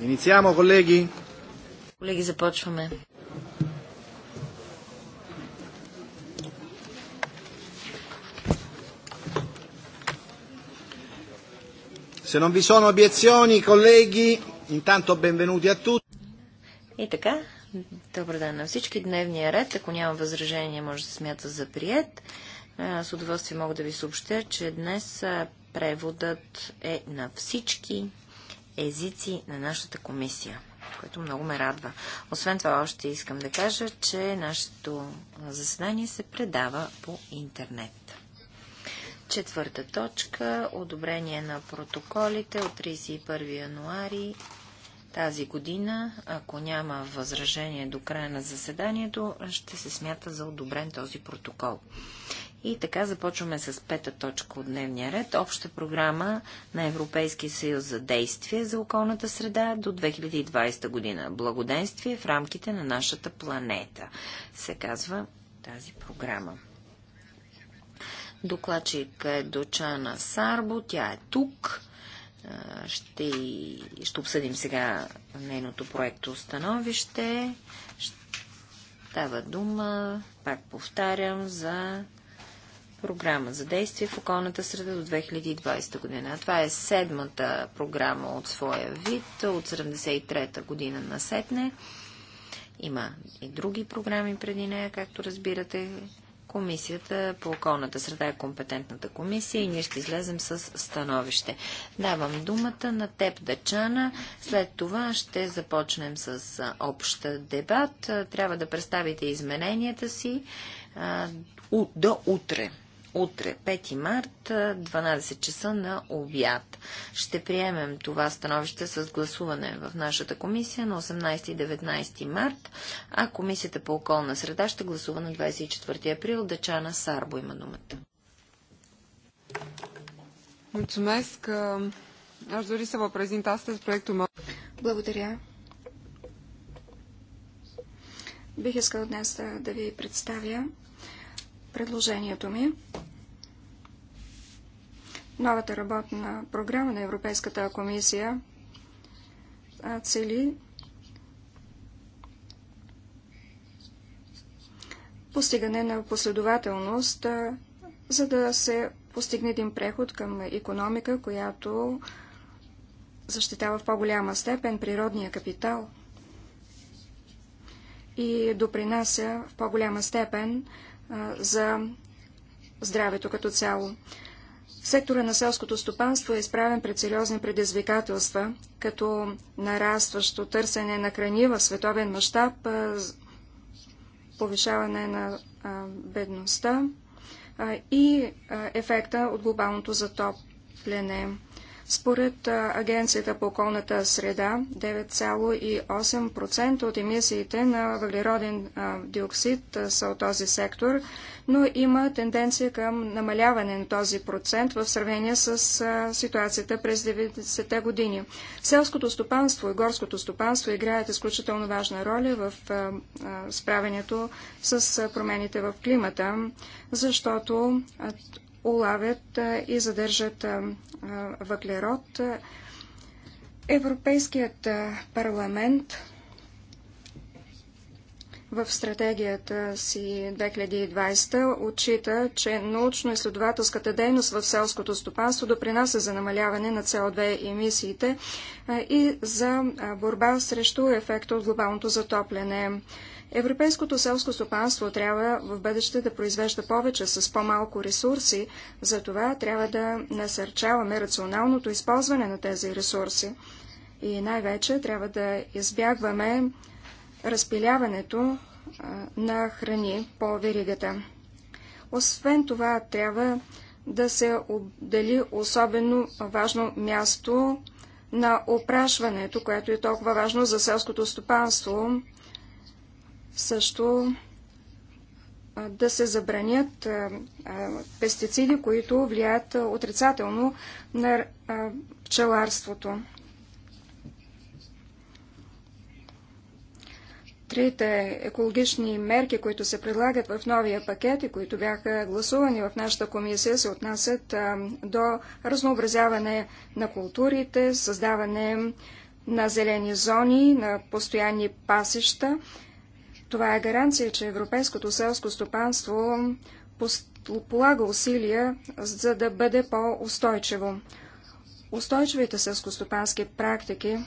Iniziamo colleghi? Colleghi започваме. Se non vi sono obiezioni, colleghi, intanto benvenuti a tutti. И така, добър ден на всички. Дневния ред, ако няма възражения, може да смята за прият. С удоволствие мога да ви съобщя, че днес преводът е на всички езици на нашата комисия, което много ме радва. Освен това, още искам да кажа, че нашето заседание се предава по интернет. Четвърта точка – одобрение на протоколите от 31 януари тази година. Ако няма възражение до края на заседанието, ще се смята за одобрен този протокол. И така започваме с пета точка от дневния ред. Обща програма на Европейския съюз за действие за околната среда до 2020 година. Благоденствие в рамките на нашата планета, се казва тази програма. Докладчик е Дочана Сарбо. Тя е тук. Ще, ще обсъдим сега нейното проекто становище. Става дума, пак повтарям, за програма за действие в околната среда до 2020 година. Това е седмата програма от своя вид, от 73-та година на Сетне. Има и други програми преди нея, както разбирате. Комисията по околната среда е компетентната комисия и ние ще излезем с становище. Давам думата на теб, Дачана. След това ще започнем с обща дебат. Трябва да представите измененията си до утре утре, 5 март, 12 часа на обяд. Ще приемем това становище с гласуване в нашата комисия на 18 и 19 март, а комисията по околна среда ще гласува на 24 април. Дачана Сарбо има думата. Mulțumesc. аз дори се vă с astăzi Благодаря. Бих искал днес да ви представя предложението ми. Новата работна програма на Европейската комисия цели постигане на последователност, за да се постигне един преход към економика, която защитава в по-голяма степен природния капитал и допринася в по-голяма степен за здравето като цяло. Сектора на селското стопанство е изправен пред сериозни предизвикателства, като нарастващо търсене на храни в световен мащаб, повишаване на бедността и ефекта от глобалното затопляне. Според Агенцията по околната среда, 9,8% от емисиите на въглероден диоксид са от този сектор, но има тенденция към намаляване на този процент в сравнение с ситуацията през 90-те години. Селското стопанство и горското стопанство играят изключително важна роля в справянето с промените в климата, защото улавят и задържат въглерод. Европейският парламент в стратегията си 2020 отчита, че научно-изследователската дейност в селското стопанство допринася за намаляване на CO2 емисиите и за борба срещу ефекта от глобалното затопляне. Европейското селско стопанство трябва в бъдеще да произвежда повече с по-малко ресурси, затова трябва да насърчаваме рационалното използване на тези ресурси. И най-вече трябва да избягваме разпиляването на храни по веригата. Освен това, трябва да се отдели особено важно място на опрашването, което е толкова важно за селското стопанство също да се забранят пестициди, които влияят отрицателно на пчеларството. Трите екологични мерки, които се предлагат в новия пакет и които бяха гласувани в нашата комисия, се отнасят до разнообразяване на културите, създаване на зелени зони, на постоянни пасища, това е гаранция, че европейското селско стопанство полага усилия, за да бъде по-устойчиво. Устойчивите селскостопански практики,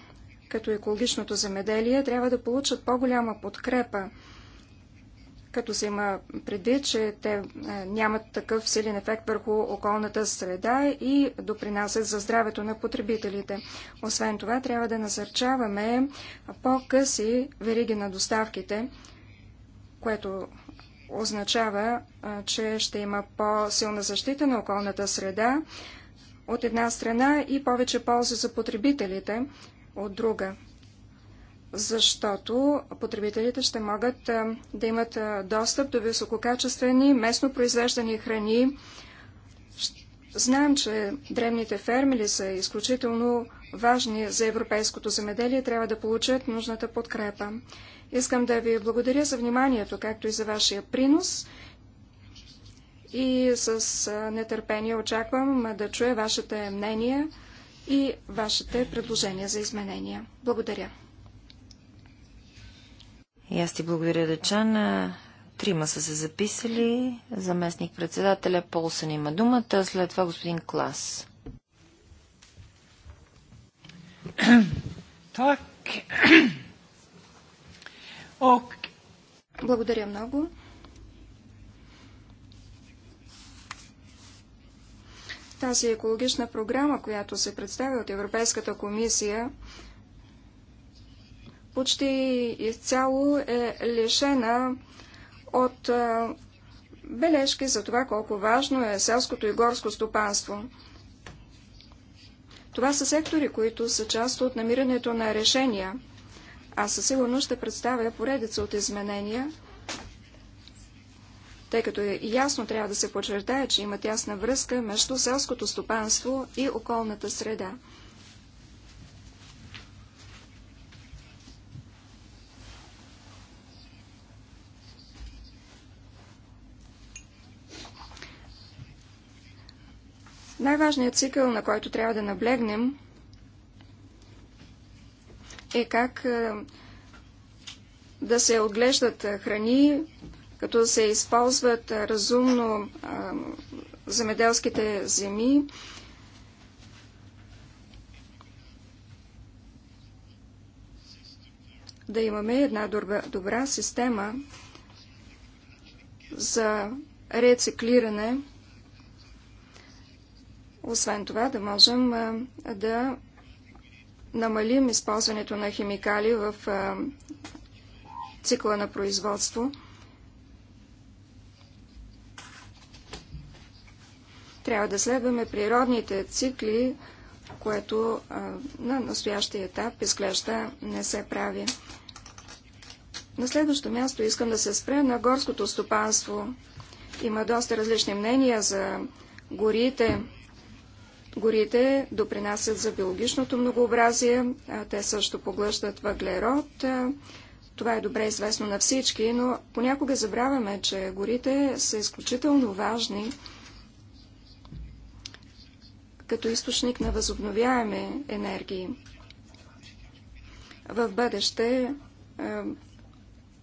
като екологичното земеделие, трябва да получат по-голяма подкрепа, като се има предвид, че те е, нямат такъв силен ефект върху околната среда и допринасят за здравето на потребителите. Освен това, трябва да насърчаваме по-къси вериги на доставките, което означава, че ще има по-силна защита на околната среда от една страна и повече полза за потребителите от друга, защото потребителите ще могат да имат достъп до висококачествени местно произвеждани храни. Знаем, че древните фермери са изключително важни за европейското земеделие и трябва да получат нужната подкрепа. Искам да ви благодаря за вниманието, както и за вашия принос. И с нетърпение очаквам да чуя вашите мнения и вашите предложения за изменения. Благодаря. И аз ти благодаря, Дечан. Трима са се записали. Заместник председателя Полсън има думата, след това господин Клас. Так. Och... Благодаря много. Тази екологична програма, която се представя от Европейската комисия, почти изцяло е лишена от бележки за това колко важно е селското и горско стопанство. Това са сектори, които са част от намирането на решения. Аз със сигурност ще представя поредица от изменения, тъй като е ясно трябва да се подчертая, че има тясна връзка между селското стопанство и околната среда. Най-важният цикъл, на който трябва да наблегнем – е как е, да се отглеждат е, храни, като се използват е, разумно земеделските земи. Да имаме една добра, добра система за рециклиране. Освен това, да можем да намалим използването на химикали в цикла на производство. Трябва да следваме природните цикли, което на настоящия етап изглежда не се прави. На следващо място искам да се спре на горското стопанство. Има доста различни мнения за горите, Горите допринасят за биологичното многообразие, те също поглъщат въглерод. Това е добре известно на всички, но понякога забравяме, че горите са изключително важни като източник на възобновяеми енергии. В бъдеще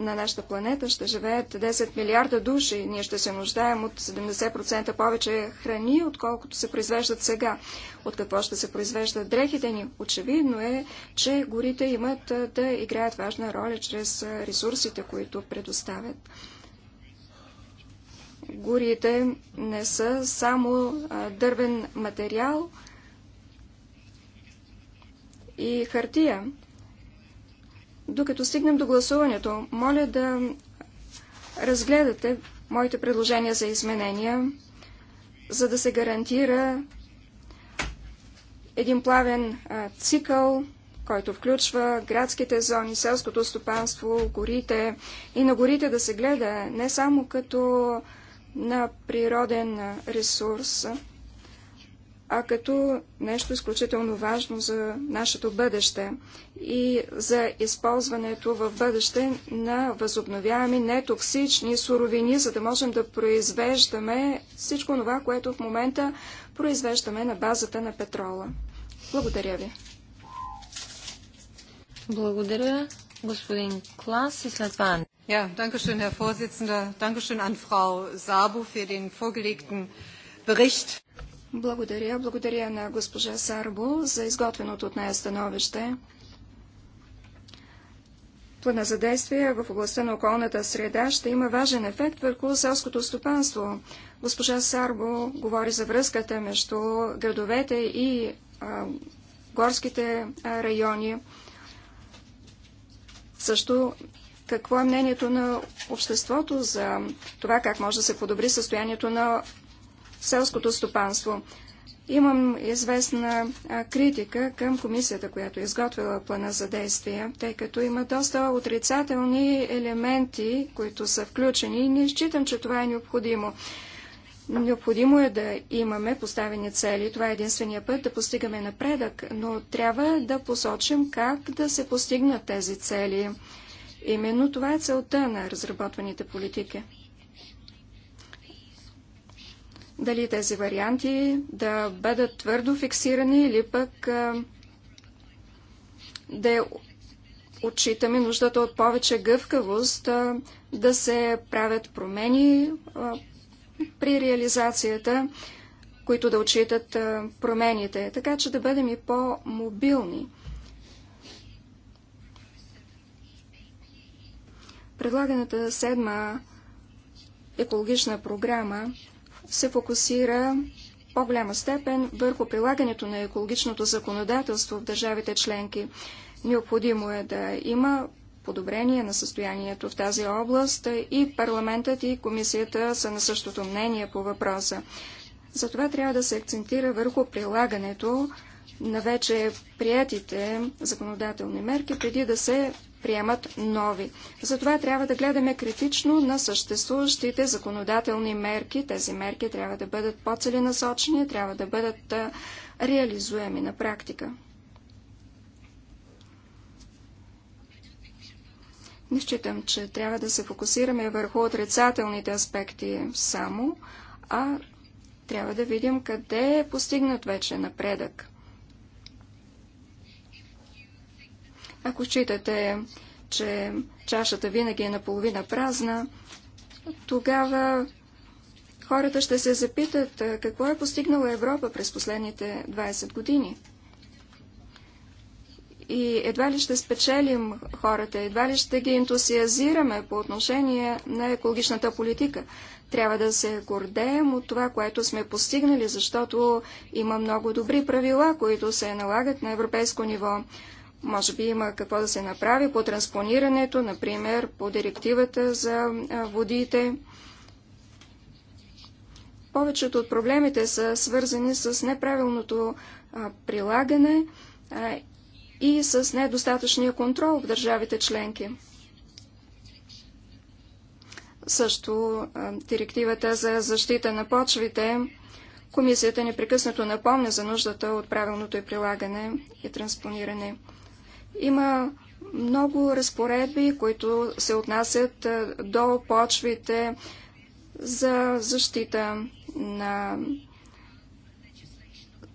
на нашата планета ще живеят 10 милиарда души. Ние ще се нуждаем от 70% повече храни, отколкото се произвеждат сега. От какво ще се произвеждат дрехите ни? Очевидно е, че горите имат да играят важна роля чрез ресурсите, които предоставят. Горите не са само дървен материал и хартия. Докато стигнем до гласуването, моля да разгледате моите предложения за изменения, за да се гарантира един плавен цикъл, който включва градските зони, селското стопанство, горите и на горите да се гледа не само като на природен ресурс, а като нещо изключително важно за нашето бъдеще и за използването в бъдеще на възобновяеми, нетоксични суровини, за да можем да произвеждаме всичко това, което в момента произвеждаме на базата на петрола. Благодаря ви. Благодаря, господин Клас и след това. Ja, danke schön, Herr Vorsitzender. Danke schön an Frau Sabo für den vorgelegten Bericht. Благодаря. Благодаря на госпожа Сарбо за изготвеното от нея становище. Плана за действие в областта на околната среда ще има важен ефект върху селското стопанство. Госпожа Сарбо говори за връзката между градовете и а, горските а, райони. Също какво е мнението на обществото за това как може да се подобри състоянието на селското стопанство. Имам известна критика към комисията, която е изготвила плана за действие, тъй като има доста отрицателни елементи, които са включени и не считам, че това е необходимо. Необходимо е да имаме поставени цели. Това е единствения път да постигаме напредък, но трябва да посочим как да се постигнат тези цели. Именно това е целта на разработваните политики дали тези варианти да бъдат твърдо фиксирани или пък да отчитаме нуждата от повече гъвкавост, да се правят промени при реализацията, които да отчитат промените, така че да бъдем и по-мобилни. Предлаганата седма екологична програма се фокусира по-голяма степен върху прилагането на екологичното законодателство в държавите членки. Необходимо е да има подобрение на състоянието в тази област и парламентът и комисията са на същото мнение по въпроса. Затова трябва да се акцентира върху прилагането на вече приятите законодателни мерки, преди да се приемат нови. Затова трябва да гледаме критично на съществуващите законодателни мерки. Тези мерки трябва да бъдат по-целенасочени, трябва да бъдат реализуеми на практика. Не считам, че трябва да се фокусираме върху отрицателните аспекти само, а трябва да видим къде е постигнат вече напредък. Ако считате, че чашата винаги е наполовина празна, тогава хората ще се запитат какво е постигнала Европа през последните 20 години. И едва ли ще спечелим хората, едва ли ще ги ентусиазираме по отношение на екологичната политика. Трябва да се гордеем от това, което сме постигнали, защото има много добри правила, които се налагат на европейско ниво. Може би има какво да се направи по транспонирането, например по директивата за водите. Повечето от проблемите са свързани с неправилното прилагане и с недостатъчния контрол в държавите членки. Също директивата за защита на почвите. Комисията непрекъснато напомня за нуждата от правилното и прилагане и транспониране. Има много разпоредби, които се отнасят до почвите за защита на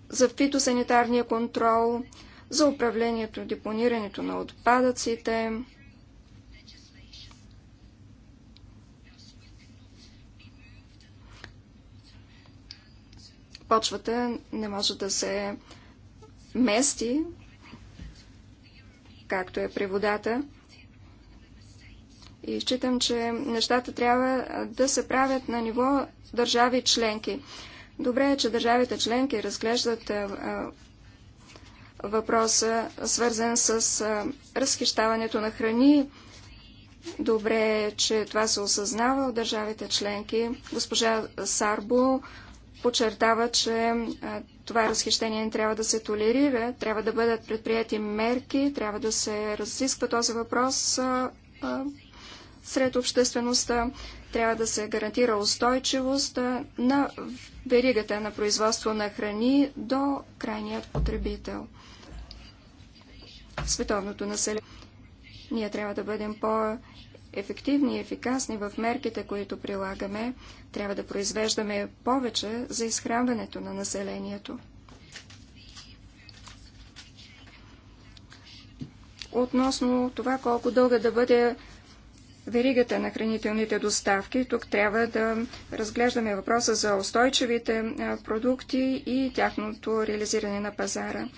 за фитосанитарния контрол, за управлението, депонирането на отпадъците. Почвата не може да се мести както е при водата. И считам, че нещата трябва да се правят на ниво държави членки. Добре е, че държавите членки разглеждат въпроса, свързан с разхищаването на храни. Добре е, че това се осъзнава от държавите членки. Госпожа Сарбо подчертава, че това разхищение не трябва да се толерира, трябва да бъдат предприяти мерки, трябва да се разисква този въпрос сред обществеността, трябва да се гарантира устойчивост на веригата на производство на храни до крайният потребител. Световното население. Ние трябва да бъдем по- ефективни и ефикасни в мерките, които прилагаме, трябва да произвеждаме повече за изхранването на населението. Относно това колко дълга да бъде веригата на хранителните доставки, тук трябва да разглеждаме въпроса за устойчивите продукти и тяхното реализиране на пазара.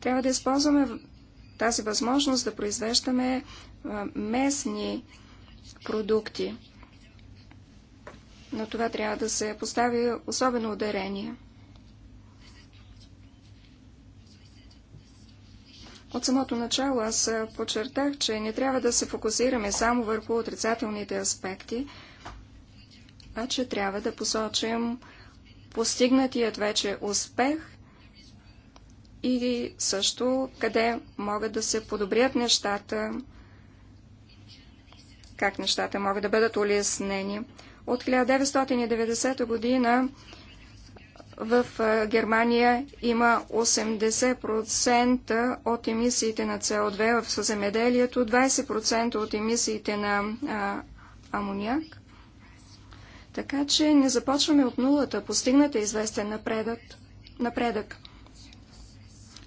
Трябва да използваме тази възможност да произвеждаме местни продукти продукти. На това трябва да се постави особено ударение. От самото начало аз подчертах, че не трябва да се фокусираме само върху отрицателните аспекти, а че трябва да посочим постигнатият вече успех и също къде могат да се подобрят нещата, как нещата могат да бъдат улеснени. От 1990 година в Германия има 80% от емисиите на СО2 в земеделието, 20% от емисиите на а, амоняк. Така че не започваме от нулата. Постигнат е известен напредък. напредък.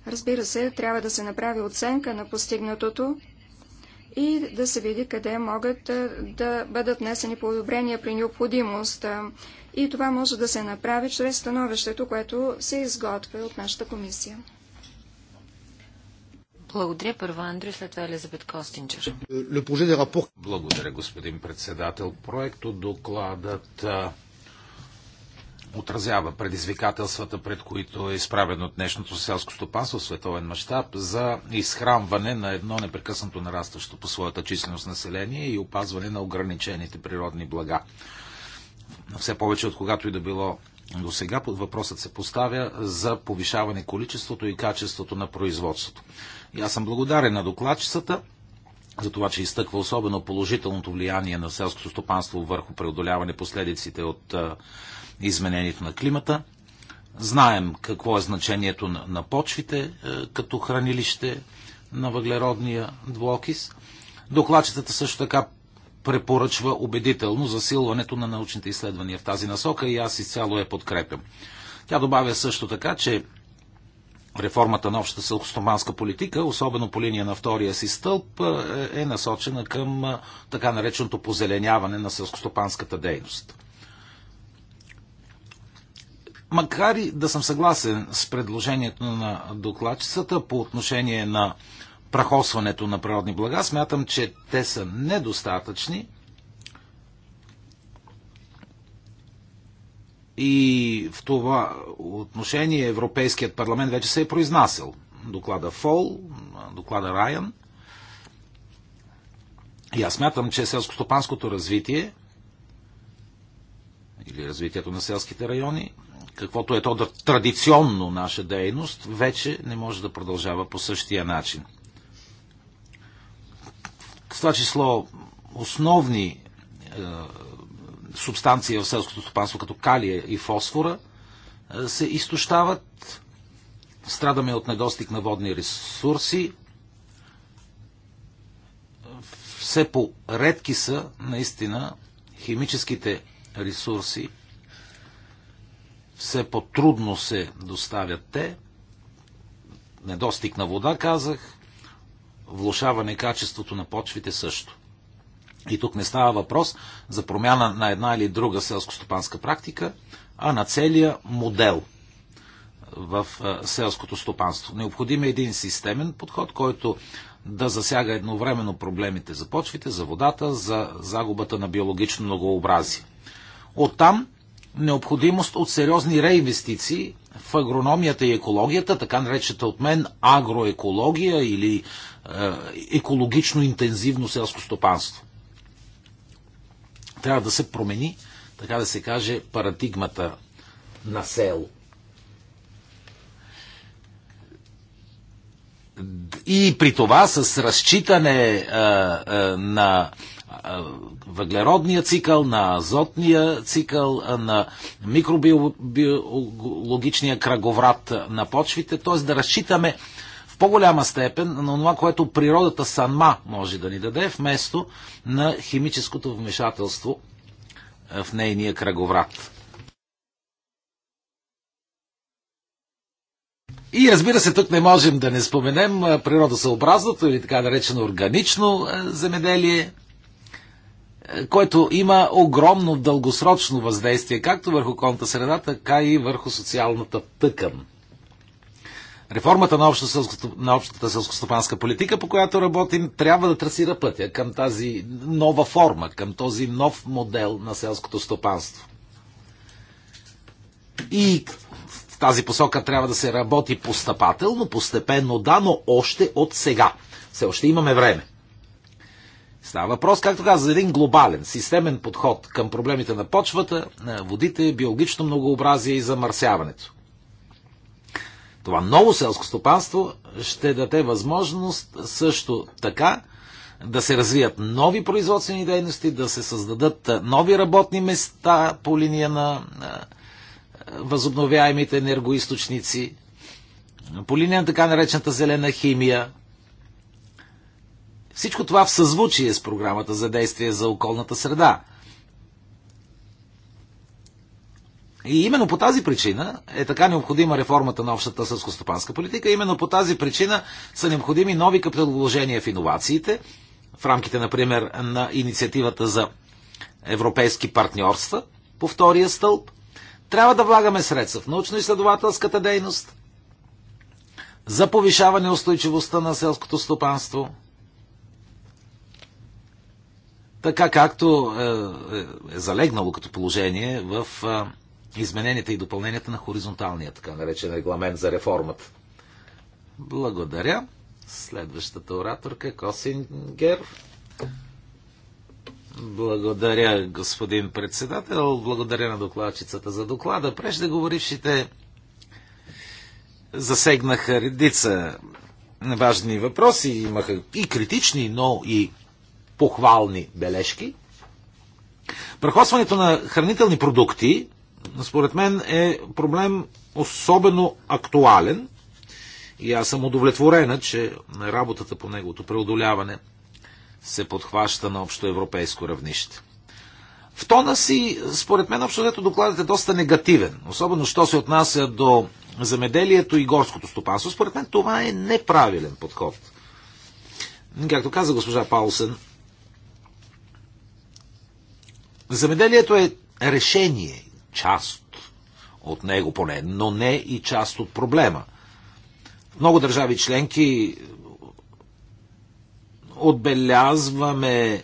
Разбира се, трябва да се направи оценка на постигнатото, и да се види къде могат да бъдат внесени подобрения при необходимост. И това може да се направи чрез становището, което се изготвя от нашата комисия. Благодаря първо Андрю, след това Елизабет Костинчер. Е, Благодаря, господин председател. Проекто докладът отразява предизвикателствата, пред които е изправено днешното селско стопанство в световен мащаб за изхранване на едно непрекъснато нарастващо по своята численост население и опазване на ограничените природни блага. Все повече от когато и да било до сега под въпросът се поставя за повишаване количеството и качеството на производството. И аз съм благодарен на докладчицата за това, че изтъква особено положителното влияние на селското стопанство върху преодоляване последиците от изменението на климата. Знаем какво е значението на почвите като хранилище на въглеродния двуокис. Докладчетата също така препоръчва убедително засилването на научните изследвания в тази насока и аз изцяло я подкрепям. Тя добавя също така, че реформата на общата селхостоманска политика, особено по линия на втория си стълб, е, е насочена към е, така нареченото позеленяване на селскостопанската дейност. Макар и да съм съгласен с предложението на докладчицата по отношение на прахосването на природни блага, смятам, че те са недостатъчни – И в това отношение Европейският парламент вече се е произнасял. Доклада Фол, доклада Райан. И аз мятам, че селскостопанското развитие или развитието на селските райони, каквото е то да традиционно наша дейност, вече не може да продължава по същия начин. В това число основни е, субстанции в селското стопанство, като калия и фосфора, е, се изтощават. Страдаме от недостиг на водни ресурси. Все по-редки са, наистина, химическите ресурси. Все по-трудно се доставят те. Недостиг на вода, казах. Влушаване качеството на почвите също. И тук не става въпрос за промяна на една или друга селскостопанска практика, а на целия модел в е, селското стопанство. Необходим е един системен подход, който да засяга едновременно проблемите за почвите, за водата, за загубата на биологично многообразие. Оттам необходимост от сериозни реинвестиции в агрономията и екологията, така наречета от мен агроекология или е, екологично интензивно селско стопанство. Трябва да се промени, така да се каже, парадигмата на село. И при това с разчитане а, а, на въглеродния цикъл, на азотния цикъл, на микробиологичния кръговрат на почвите, т.е. да разчитаме по-голяма степен на това, което природата сама може да ни даде, вместо на химическото вмешателство е, в нейния кръговрат. И разбира се, тук не можем да не споменем е, природосъобразното или така наречено органично е, земеделие, което има огромно дългосрочно въздействие както върху конта среда, така и върху социалната тъкан Реформата на, общата, на общата селскостопанска политика, по която работим, трябва да трасира пътя към тази нова форма, към този нов модел на селското стопанство. И в тази посока трябва да се работи постъпателно, постепенно, да, но още от сега. Все още имаме време. Става въпрос, както каза, за един глобален, системен подход към проблемите на почвата, на водите, биологично многообразие и замърсяването това ново селско стопанство ще даде възможност също така да се развият нови производствени дейности, да се създадат нови работни места по линия на възобновяемите енергоисточници, по линия на така наречената зелена химия. Всичко това в съзвучие с програмата за действие за околната среда – И именно по тази причина е така необходима реформата на общата сълскостопанска политика. Именно по тази причина са необходими нови предложения в иновациите, в рамките, например, на инициативата за европейски партньорства по втория стълб. Трябва да влагаме средства в научно-изследователската дейност, за повишаване устойчивостта на селското стопанство, така както е, е, е залегнало като положение в е, измененията и допълненията на хоризонталния, така наречен регламент за реформата. Благодаря. Следващата ораторка е Косингер. Благодаря, господин председател. Благодаря на докладчицата за доклада. Преждеговорившите засегнаха редица важни въпроси. Имаха и критични, но и похвални бележки. Прахосването на хранителни продукти според мен е проблем особено актуален и аз съм удовлетворена, че работата по неговото преодоляване се подхваща на общо европейско равнище. В тона си, според мен, общо докладът е доста негативен, особено що се отнася до замеделието и горското стопанство. Според мен това е неправилен подход. Както каза госпожа Паулсен, замеделието е решение част от него поне, но не и част от проблема. Много държави членки отбелязваме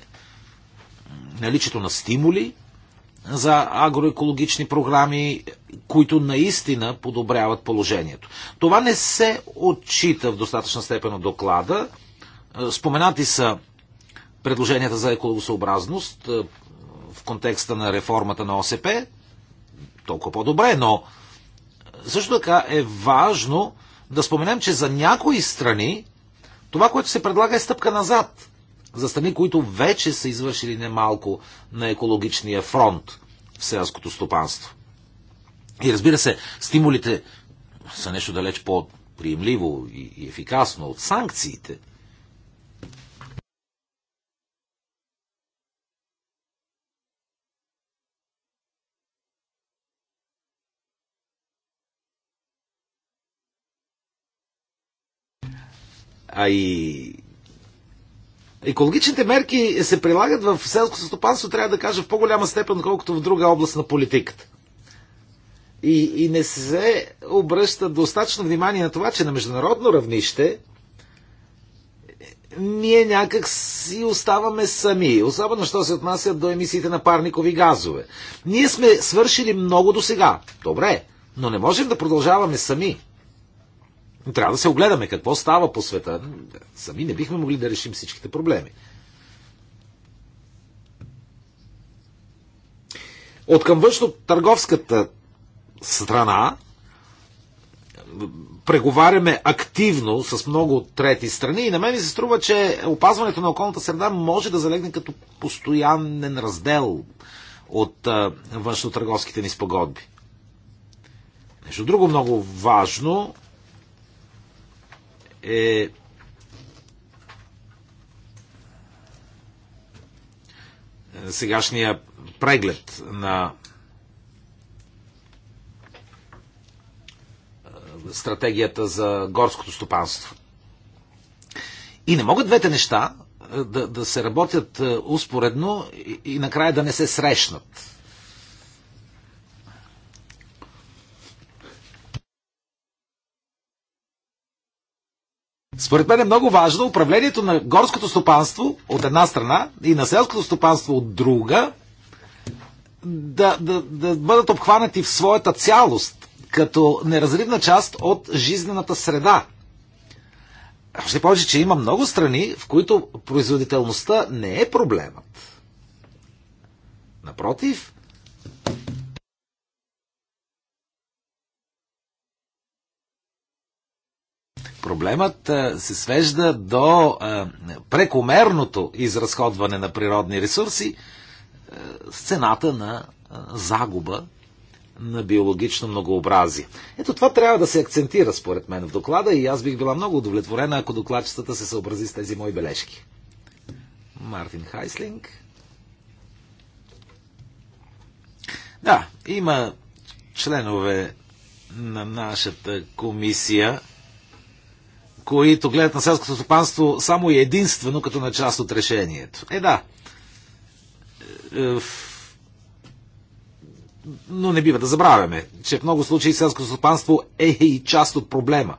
наличието на стимули за агроекологични програми, които наистина подобряват положението. Това не се отчита в достатъчна степен от доклада. Споменати са предложенията за екологосъобразност в контекста на реформата на ОСП, толкова по-добре, но също така е важно да споменем, че за някои страни това, което се предлага е стъпка назад. За страни, които вече са извършили немалко на екологичния фронт в селското стопанство. И разбира се, стимулите са нещо далеч по-приемливо и ефикасно от санкциите – А и екологичните мерки се прилагат в селското стопанство, трябва да кажа, в по-голяма степен, колкото в друга област на политиката. И, и не се обръща достатъчно внимание на това, че на международно равнище ние някак си оставаме сами, особено що се отнасят до емисиите на парникови газове. Ние сме свършили много до сега. Добре, но не можем да продължаваме сами. Но трябва да се огледаме какво става по света. Сами не бихме могли да решим всичките проблеми. От към външно-търговската страна преговаряме активно с много трети страни и на мен ми се струва, че опазването на околната среда може да залегне като постоянен раздел от външно-търговските ни спогодби. Нещо друго много важно е, е сегашния преглед на е, стратегията за горското стопанство. И не могат двете неща е, да, да се работят успоредно и, и накрая да не се срещнат. Според мен е много важно управлението на горското стопанство от една страна и на селското стопанство от друга да, да, да бъдат обхванати в своята цялост като неразривна част от жизнената среда. Още повече, че има много страни, в които производителността не е проблемът. Напротив, Проблемът се свежда до прекомерното изразходване на природни ресурси с цената на загуба на биологично многообразие. Ето това трябва да се акцентира, според мен, в доклада и аз бих била много удовлетворена, ако докладчетата се съобрази с тези мои бележки. Мартин Хайслинг. Да, има членове на нашата комисия, които гледат на селското стопанство само и единствено като на част от решението. Е да. Е, е, но не бива да забравяме, че в много случаи селското стопанство е и част от проблема.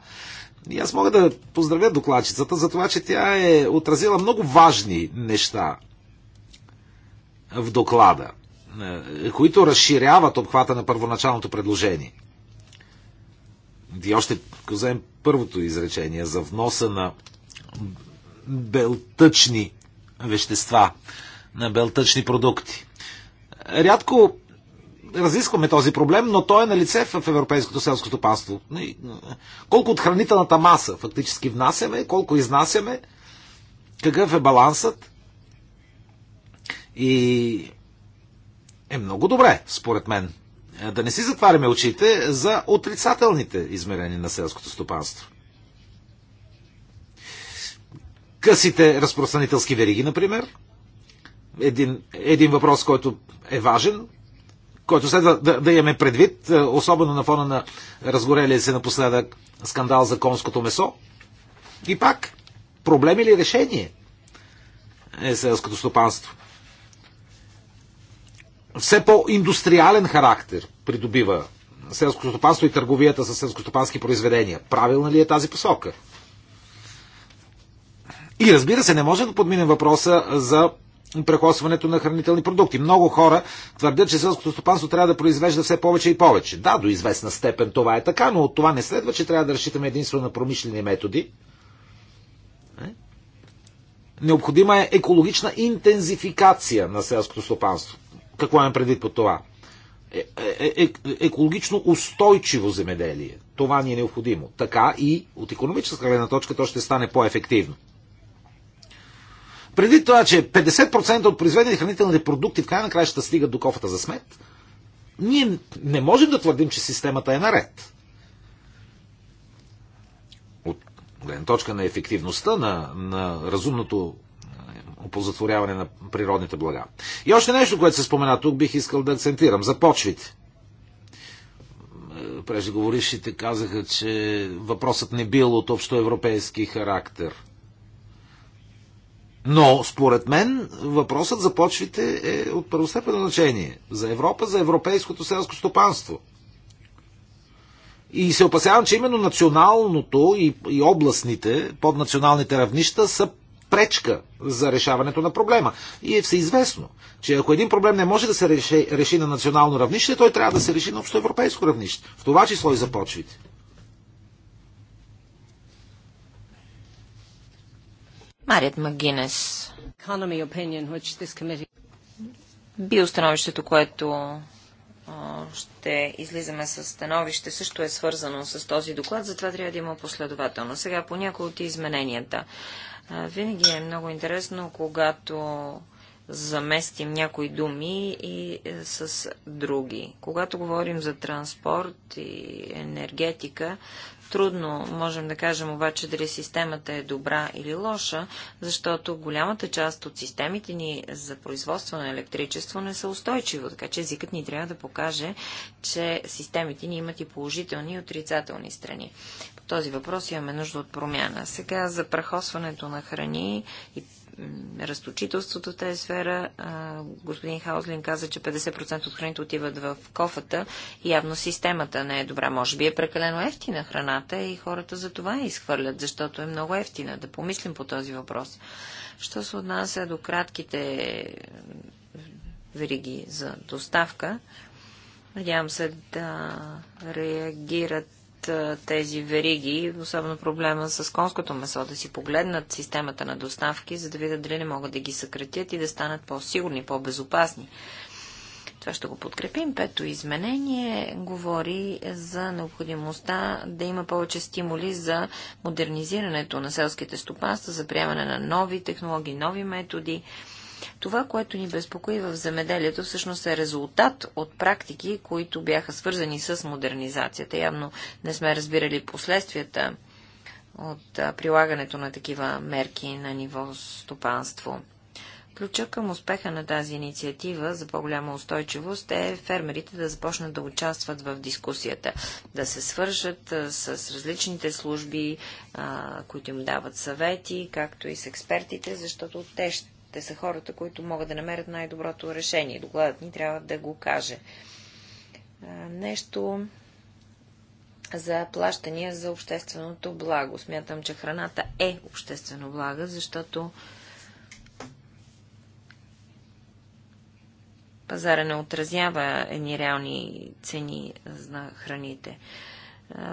И аз мога да поздравя докладчицата за това, че тя е отразила много важни неща в доклада, е, които разширяват обхвата на първоначалното предложение – и още, ако вземем първото изречение за вноса на белтъчни вещества, на белтъчни продукти. Рядко разискваме този проблем, но той е на лице в европейското селско стопанство. Е, колко от хранителната маса фактически внасяме, колко изнасяме, какъв е балансът. И е много добре, според мен, е, да не си затваряме очите за отрицателните измерения на селското стопанство. Късите разпространителски вериги, например, един, един въпрос, който е важен, който следва да, да имаме предвид, е, особено на фона на разгорелия се напоследък скандал за конското месо. И пак, проблем или решение е селското стопанство – все по-индустриален характер придобива селското стопанство и търговията с селскостопански произведения. Правилна ли е тази посока? И разбира се, не може да подминем въпроса за прехосването на хранителни продукти. Много хора твърдят, че селското стопанство трябва да произвежда все повече и повече. Да, до известна степен това е така, но от това не следва, че трябва да разчитаме единствено на промишлени методи. Е? Необходима е екологична интензификация на селското стопанство. Какво имам предвид по това? Е, е, е, е, екологично устойчиво земеделие. Това ни е необходимо. Така и от економическа гледна точка то ще стане по-ефективно. Преди това, че 50% от произведените хранителните продукти в крайна края ще стигат до кофата за смет, ние не можем да твърдим, че системата е наред. От гледна точка на ефективността, на, на разумното опозатворяване на природните блага. И още нещо, което се спомена тук, бих искал да акцентирам. За почвите. Преждеговорившите казаха, че въпросът не бил от общоевропейски характер. Но, според мен, въпросът за почвите е от първостепенно значение. За Европа, за европейското селско стопанство. И се опасявам, че именно националното и, и областните, поднационалните равнища са пречка за решаването на проблема. И е всеизвестно, че ако един проблем не може да се реши, реши на национално равнище, той трябва да се реши на общоевропейско равнище. В това число и започвите. Марият Магинес. Биостановището, което ще излизаме с становище, също е свързано с този доклад, затова трябва да има последователно. Сега по някои от измененията. Винаги е много интересно, когато заместим някои думи и е, с други. Когато говорим за транспорт и енергетика, Трудно можем да кажем обаче дали системата е добра или лоша, защото голямата част от системите ни за производство на електричество не са устойчиво, така че езикът ни трябва да покаже, че системите ни имат и положителни и отрицателни страни. По този въпрос имаме нужда от промяна. Сега за прахосването на храни и разточителството в тази сфера. господин Хаузлин каза, че 50% от храните отиват в кофата. Явно системата не е добра. Може би е прекалено ефтина храната и хората за това я изхвърлят, защото е много ефтина. Да помислим по този въпрос. Що се отнася до кратките вериги за доставка, надявам се да реагират тези вериги, особено проблема с конското месо, да си погледнат системата на доставки, за да видят дали не могат да ги съкратят и да станат по-сигурни, по-безопасни. Това ще го подкрепим. Пето изменение говори за необходимостта да има повече стимули за модернизирането на селските стопанства, за приемане на нови технологии, нови методи това, което ни безпокои в земеделието, всъщност е резултат от практики, които бяха свързани с модернизацията. Явно не сме разбирали последствията от прилагането на такива мерки на ниво стопанство. Ключа към успеха на тази инициатива за по-голяма устойчивост е фермерите да започнат да участват в дискусията, да се свържат с различните служби, които им дават съвети, както и с експертите, защото те ще те са хората, които могат да намерят най-доброто решение. Докладът ни трябва да го каже. Нещо за плащания за общественото благо. Смятам, че храната е обществено благо, защото пазара не отразява едни реални цени на храните.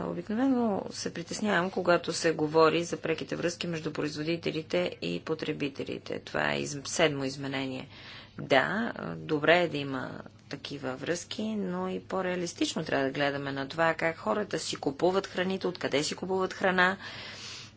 Обикновено се притеснявам, когато се говори за преките връзки между производителите и потребителите. Това е из... седмо изменение. Да, добре е да има такива връзки, но и по-реалистично трябва да гледаме на това, как хората си купуват храните, откъде си купуват храна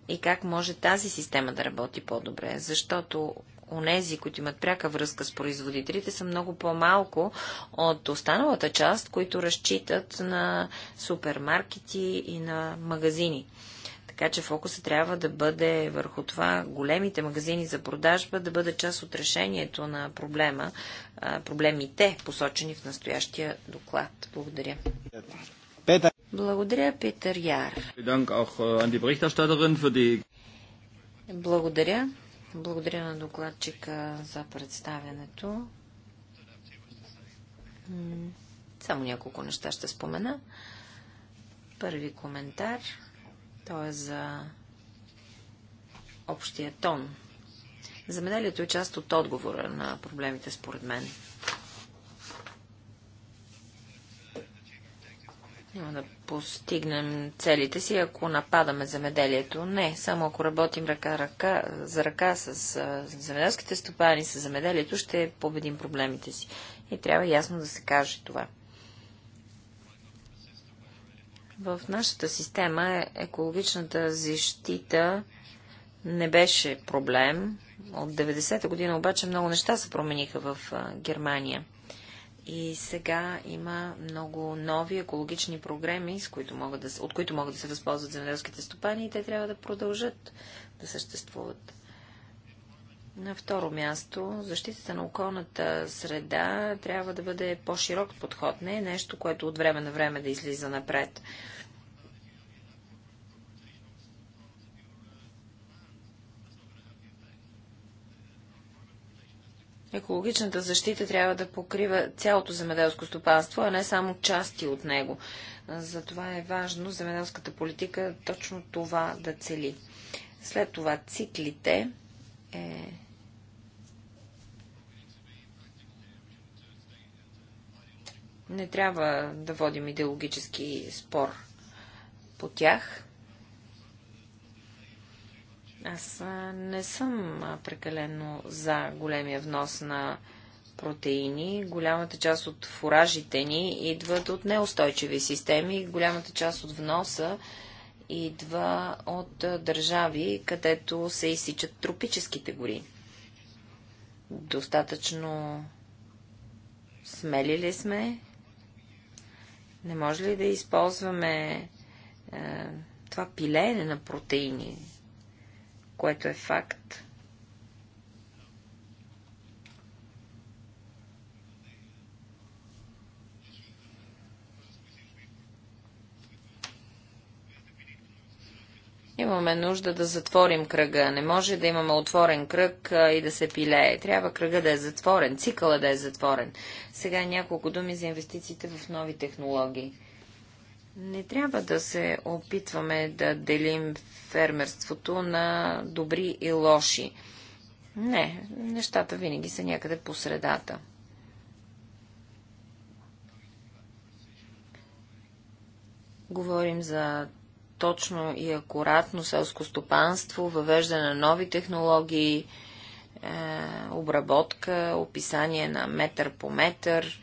и как може тази система да работи по-добре. Защото онези, които имат пряка връзка с производителите, са много по-малко от останалата част, които разчитат на супермаркети и на магазини. Така че фокуса трябва да бъде върху това големите магазини за продажба да бъде част от решението на проблема, проблемите, посочени в настоящия доклад. Благодаря. Благодаря, Питър Яр. Благодаря. Благодаря на докладчика за представянето. Само няколко неща ще спомена. Първи коментар, той е за общия тон. Замеделието е част от отговора на проблемите, според мен. Няма да постигнем целите си, ако нападаме земеделието. Не, само ако работим ръка, ръка за ръка с, с земеделските стопани, с земеделието, ще победим проблемите си. И трябва ясно да се каже това. В нашата система е екологичната защита не беше проблем. От 90-та година обаче много неща се промениха в Германия. И сега има много нови екологични програми, с които могат да, от които могат да се възползват земеделските стопани и те трябва да продължат да съществуват. На второ място, защитата на околната среда трябва да бъде по-широк подход, не е нещо, което от време на време да излиза напред. Екологичната защита трябва да покрива цялото земеделско стопанство, а не само части от него. Затова е важно земеделската политика точно това да цели. След това циклите е не трябва да водим идеологически спор по тях. Аз не съм прекалено за големия внос на протеини. Голямата част от фуражите ни идват от неустойчиви системи. Голямата част от вноса идва от държави, където се изсичат тропическите гори. Достатъчно смели ли сме? Не може ли да използваме е, това пилеене на протеини? което е факт. Имаме нужда да затворим кръга. Не може да имаме отворен кръг и да се пилее. Трябва кръга да е затворен, цикъла да е затворен. Сега няколко думи за инвестициите в нови технологии. Не трябва да се опитваме да делим фермерството на добри и лоши. Не, нещата винаги са някъде по средата. Говорим за точно и акуратно селско стопанство, въвеждане на нови технологии, е, обработка, описание на метър по метър,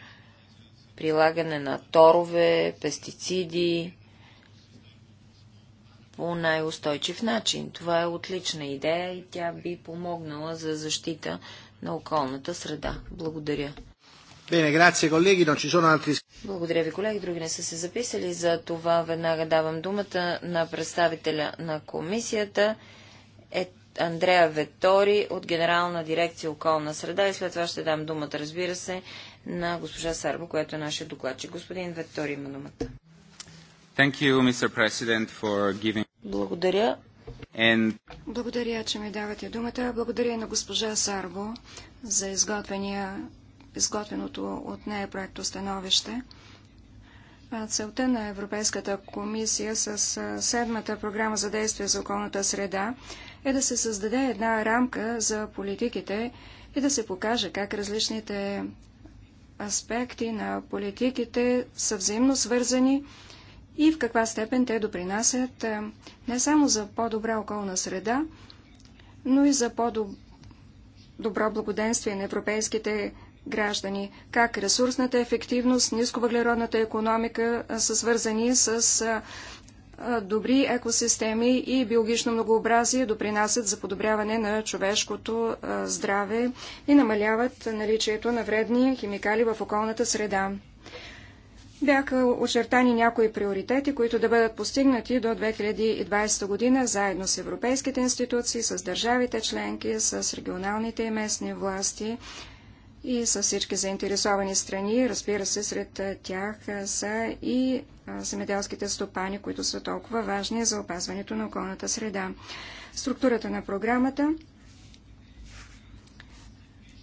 прилагане на торове, пестициди по най-устойчив начин. Това е отлична идея и тя би помогнала за защита на околната среда. Благодаря. Bene, grazie колеги, non ci sono altri... Благодаря ви, колеги. Други не са се записали. За това веднага давам думата на представителя на комисията е Андрея Ветори от Генерална дирекция околна среда и след това ще дам думата, разбира се, на госпожа Сарбо, която е нашия докладчик. Господин Вектори има думата. Thank you, Mr. President, for giving... Благодаря. And... Благодаря, че ми давате думата. Благодаря на госпожа Сарбо за изготвения, изготвеното от нея проекто становище. Целта на Европейската комисия с седмата програма за действие за околната среда е да се създаде една рамка за политиките и да се покаже как различните аспекти на политиките са взаимно свързани и в каква степен те допринасят не само за по-добра околна среда, но и за по-добро благоденствие на европейските граждани. Как ресурсната ефективност, нисковъглеродната економика са свързани с добри екосистеми и биологично многообразие допринасят за подобряване на човешкото здраве и намаляват наличието на вредни химикали в околната среда. Бяха очертани някои приоритети, които да бъдат постигнати до 2020 година, заедно с европейските институции, с държавите членки, с регионалните и местни власти, и с всички заинтересовани страни. Разбира се, сред тях са и земеделските стопани, които са толкова важни за опазването на околната среда. Структурата на програмата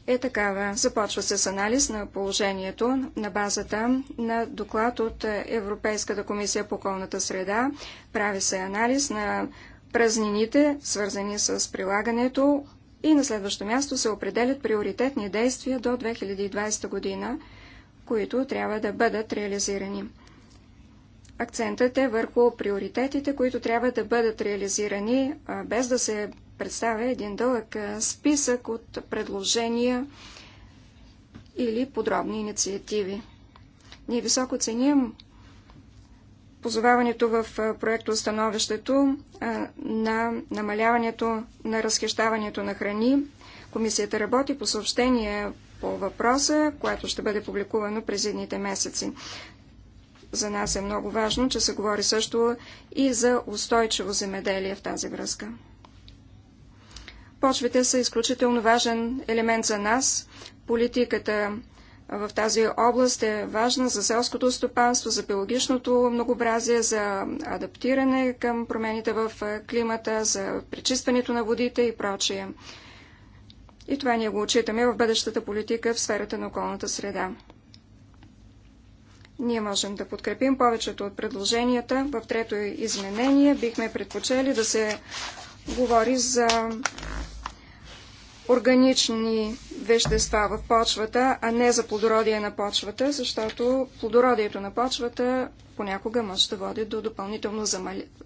е такава. Започва се с анализ на положението на базата на доклад от Европейската комисия по околната среда. Прави се анализ на празнините, свързани с прилагането, и на следващо място се определят приоритетни действия до 2020 година, които трябва да бъдат реализирани. Акцентът е върху приоритетите, които трябва да бъдат реализирани, без да се представя един дълъг списък от предложения или подробни инициативи. Ние високо ценим позоваването в проекто становището на намаляването на разхищаването на храни. Комисията работи по съобщение по въпроса, което ще бъде публикувано през едните месеци. За нас е много важно, че се говори също и за устойчиво земеделие в тази връзка. Почвите са изключително важен елемент за нас. Политиката в тази област е важна за селското стопанство, за биологичното многообразие, за адаптиране към промените в климата, за пречистването на водите и прочие. И това ние го отчитаме в бъдещата политика в сферата на околната среда. Ние можем да подкрепим повечето от предложенията. В трето изменение бихме предпочели да се говори за органични вещества в почвата, а не за плодородие на почвата, защото плодородието на почвата понякога може да води до допълнително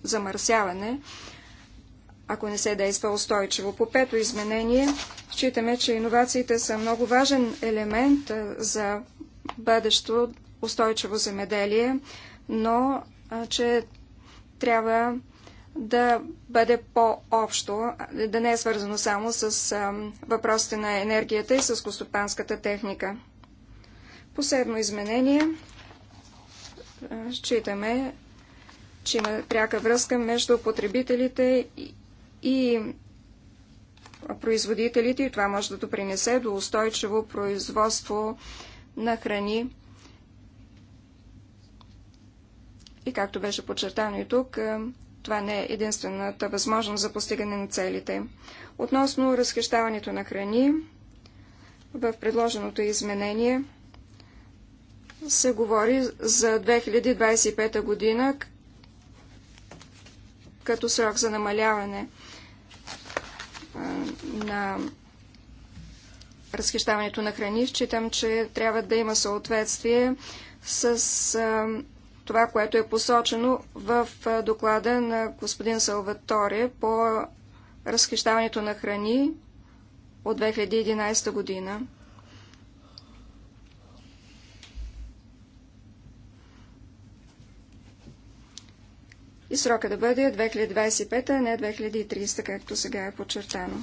замърсяване, ако не се действа устойчиво. По пето изменение считаме, че иновациите са много важен елемент за бъдещо устойчиво земеделие, но че трябва да бъде по-общо, да не е свързано само с въпросите на енергията и с костопанската техника. Последно изменение. Считаме, че има пряка връзка между потребителите и производителите и това може да допринесе до устойчиво производство на храни. И както беше подчертано и тук, това не е единствената възможност за постигане на целите. Относно разхищаването на храни, в предложеното изменение се говори за 2025 година като срок за намаляване на разхищаването на храни. Считам, че трябва да има съответствие с това, което е посочено в доклада на господин Салваторе по разхищаването на храни от 2011 година. И срока да бъде 2025, а не 2030, както сега е подчертано.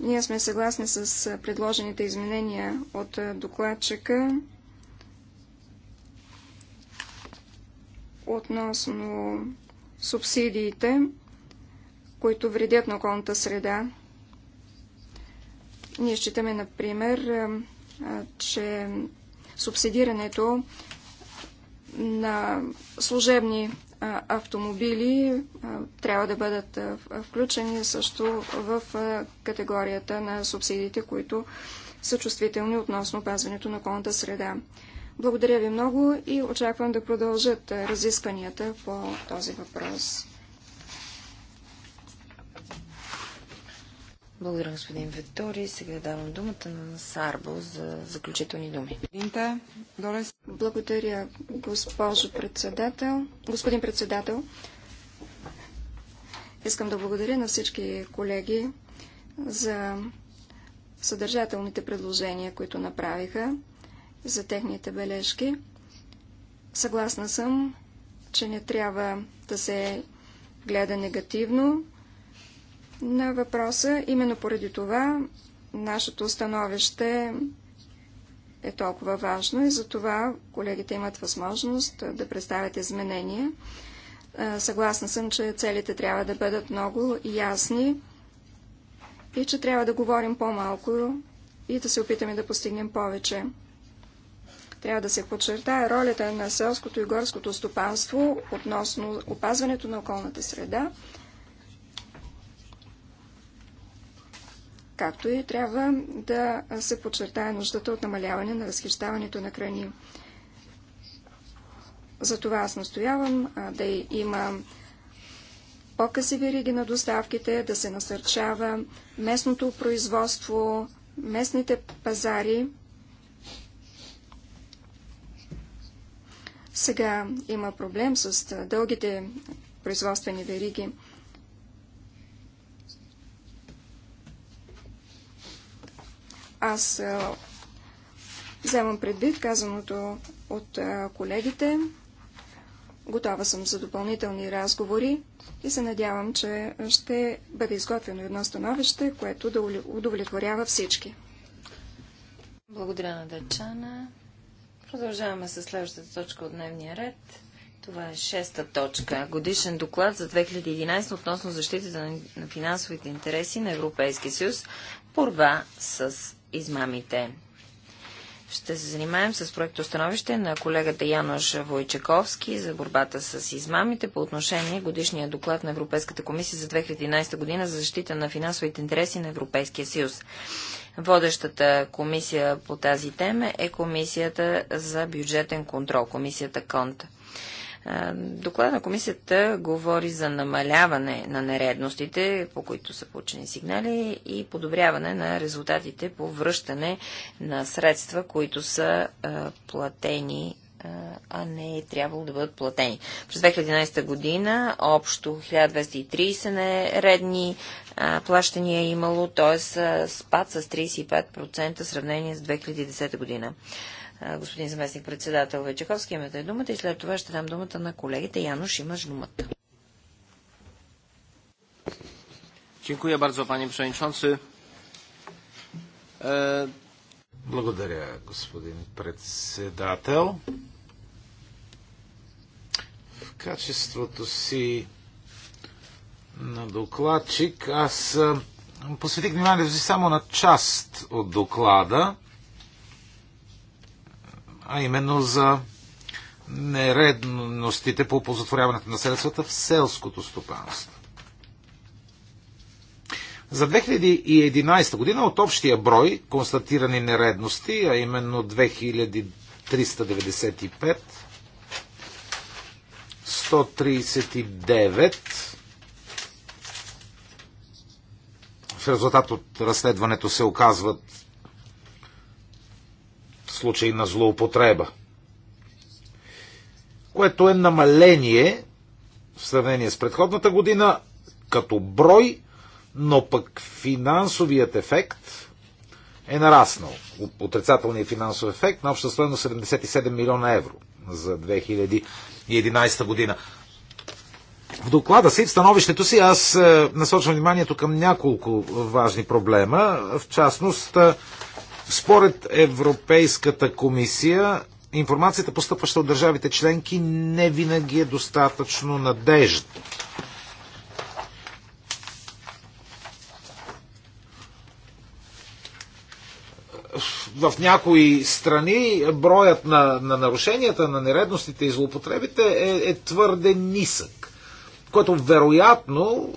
Ние сме съгласни с предложените изменения от докладчика относно субсидиите, които вредят на околната среда. Ние считаме, например, че субсидирането на служебни автомобили трябва да бъдат включени също в категорията на субсидиите, които са чувствителни относно опазването на околната среда. Благодаря ви много и очаквам да продължат е, разискванията по този въпрос. Благодаря, господин Вектори. Сега давам думата на Сарбо за заключителни думи. Благодаря, госпожо председател. Господин председател, искам да благодаря на всички колеги за съдържателните предложения, които направиха за техните бележки. Съгласна съм, че не трябва да се гледа негативно на въпроса. Именно поради това нашето становище е толкова важно и затова колегите имат възможност да представят изменения. Съгласна съм, че целите трябва да бъдат много ясни и че трябва да говорим по-малко и да се опитаме да постигнем повече. Трябва да се подчертая ролята на селското и горското стопанство относно опазването на околната среда, както и трябва да се подчертае нуждата от намаляване на разхищаването на крани. Затова аз настоявам да има по-къси вериги на доставките, да се насърчава местното производство, местните пазари, Сега има проблем с дългите производствени вериги. Аз вземам предвид казаното от колегите. Готова съм за допълнителни разговори и се надявам, че ще бъде изготвено едно становище, което да удовлетворява всички. Благодаря на Дачана. Продължаваме с следващата точка от дневния ред. Това е шеста точка. Годишен доклад за 2011 относно защитата на финансовите интереси на Европейския съюз, борба с измамите. Ще се занимаем с проектостановище на колегата Янош Войчаковски за борбата с измамите по отношение годишния доклад на Европейската комисия за 2011 година за защита на финансовите интереси на Европейския съюз. Водещата комисия по тази тема е комисията за бюджетен контрол, комисията КОНТА. Доклад на комисията говори за намаляване на нередностите, по които са получени сигнали и подобряване на резултатите по връщане на средства, които са платени а не е трябвало да бъдат платени. През 2011 година общо 1230 нередни плащания е имало, т.е. спад с 35% в сравнение с 2010 година. Господин заместник председател Вечеховски, имате думата и след това ще дам думата на колегите. Януш, имаш думата. Dziękuję bardzo, е, Благодаря, господин председател качеството си на докладчик аз посветих вниманието си само на част от доклада, а именно за нередностите по опозотворяването на средствата в селското стопанство. За 2011 година от общия брой констатирани нередности, а именно 2395, 139 в резултат от разследването се оказват случаи на злоупотреба, което е намаление в сравнение с предходната година като брой, но пък финансовият ефект е нараснал. Отрицателният финансов ефект на обща стоеност 77 милиона евро за 2011 година. В доклада си, в становището си, аз е, насочвам вниманието към няколко важни проблема. В частност, е, според Европейската комисия, информацията, постъпваща от държавите членки, не винаги е достатъчно надежда в някои страни броят на, на нарушенията, на нередностите и злоупотребите е, е твърде нисък, което вероятно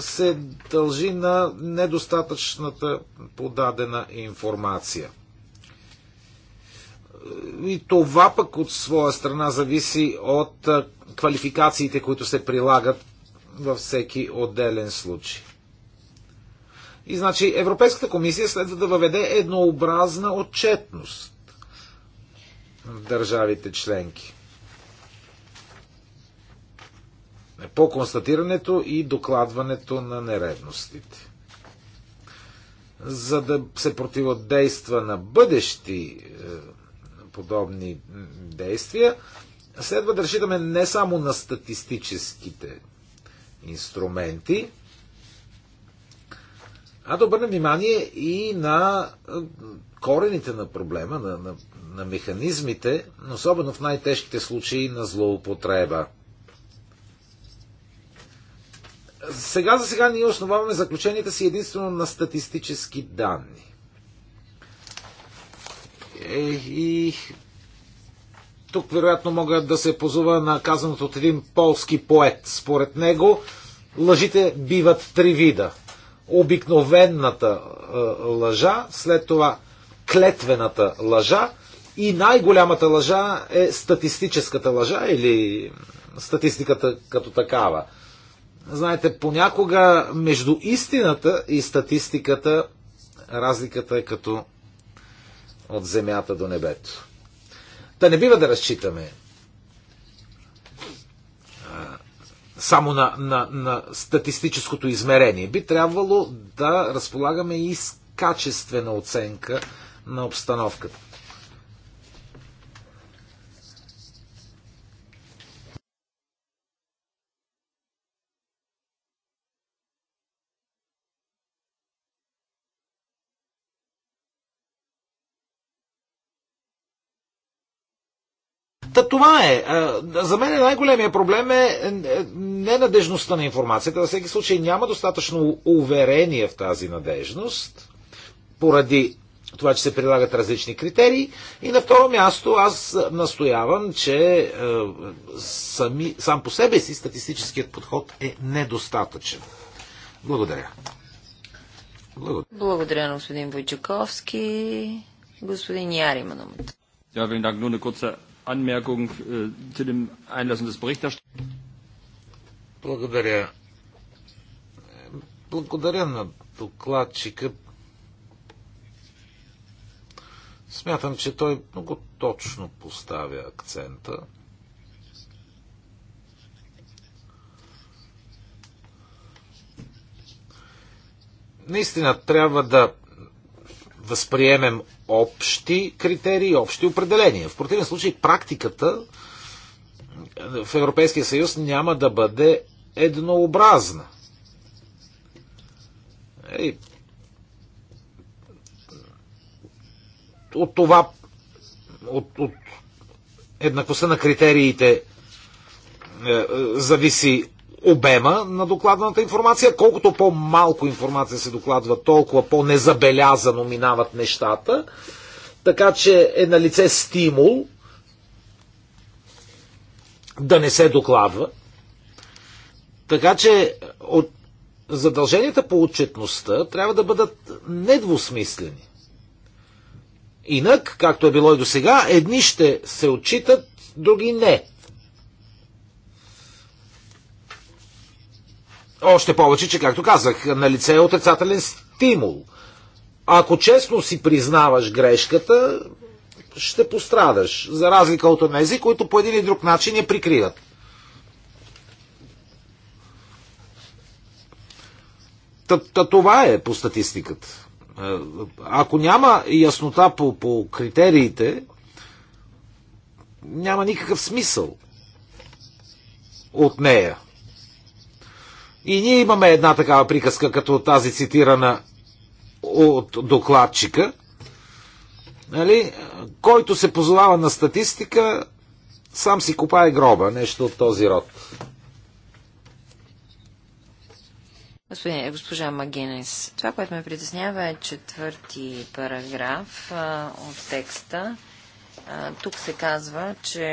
се дължи на недостатъчната подадена информация. И това пък от своя страна зависи от квалификациите, които се прилагат във всеки отделен случай. И значи Европейската комисия следва да въведе еднообразна отчетност в държавите членки. По констатирането и докладването на нередностите за да се противодейства на бъдещи е, подобни действия, следва да разчитаме не само на статистическите инструменти, а да обърнем внимание и на корените на проблема, на, на, на механизмите, особено в най-тежките случаи на злоупотреба. Сега за сега ние основаваме заключенията си единствено на статистически данни. Е, и тук вероятно мога да се позова на казаното от един полски поет. Според него лъжите биват три вида – обикновената лъжа, след това клетвената лъжа и най-голямата лъжа е статистическата лъжа или статистиката като такава. Знаете, понякога между истината и статистиката разликата е като от земята до небето. Та не бива да разчитаме само на, на, на статистическото измерение. Би трябвало да разполагаме и с качествена оценка на обстановката. това е. За мен най-големия проблем е, е, е ненадежността на информацията. Във всеки случай няма достатъчно уверение в тази надежност, поради това, че се прилагат различни критерии. И на второ място аз настоявам, че е, сами, сам по себе си статистическият подход е недостатъчен. Благодаря. Благодаря, Благодаря на господин Войчаковски. Господин Яри eine kurze Anmerkung äh, zu dem Einlassen des Berichterstatters. Благодаря. Благодаря на докладчика. Смятам, че той много точно поставя акцента. Наистина трябва да възприемем общи критерии, общи определения. В противен случай практиката в Европейския съюз няма да бъде еднообразна. Ей, от това, от, от еднаквостта на критериите е, зависи обема на докладната информация. Колкото по-малко информация се докладва, толкова по-незабелязано минават нещата. Така че е на лице стимул да не се докладва. Така че от задълженията по отчетността трябва да бъдат недвусмислени. Инак, както е било и до сега, едни ще се отчитат, други не. Още повече, че, както казах, на лице е отрицателен стимул. Ако честно си признаваш грешката, ще пострадаш, за разлика от тези, които по един или друг начин я прикриват. това е по статистиката. Е, ако няма яснота по, по критериите, няма никакъв смисъл от нея. И ние имаме една такава приказка, като тази цитирана от докладчика, нали? който се позовава на статистика, сам си копае гроба, нещо от този род. Господин, госпожа Магинес, това, което ме притеснява е четвърти параграф а, от текста. А, тук се казва, че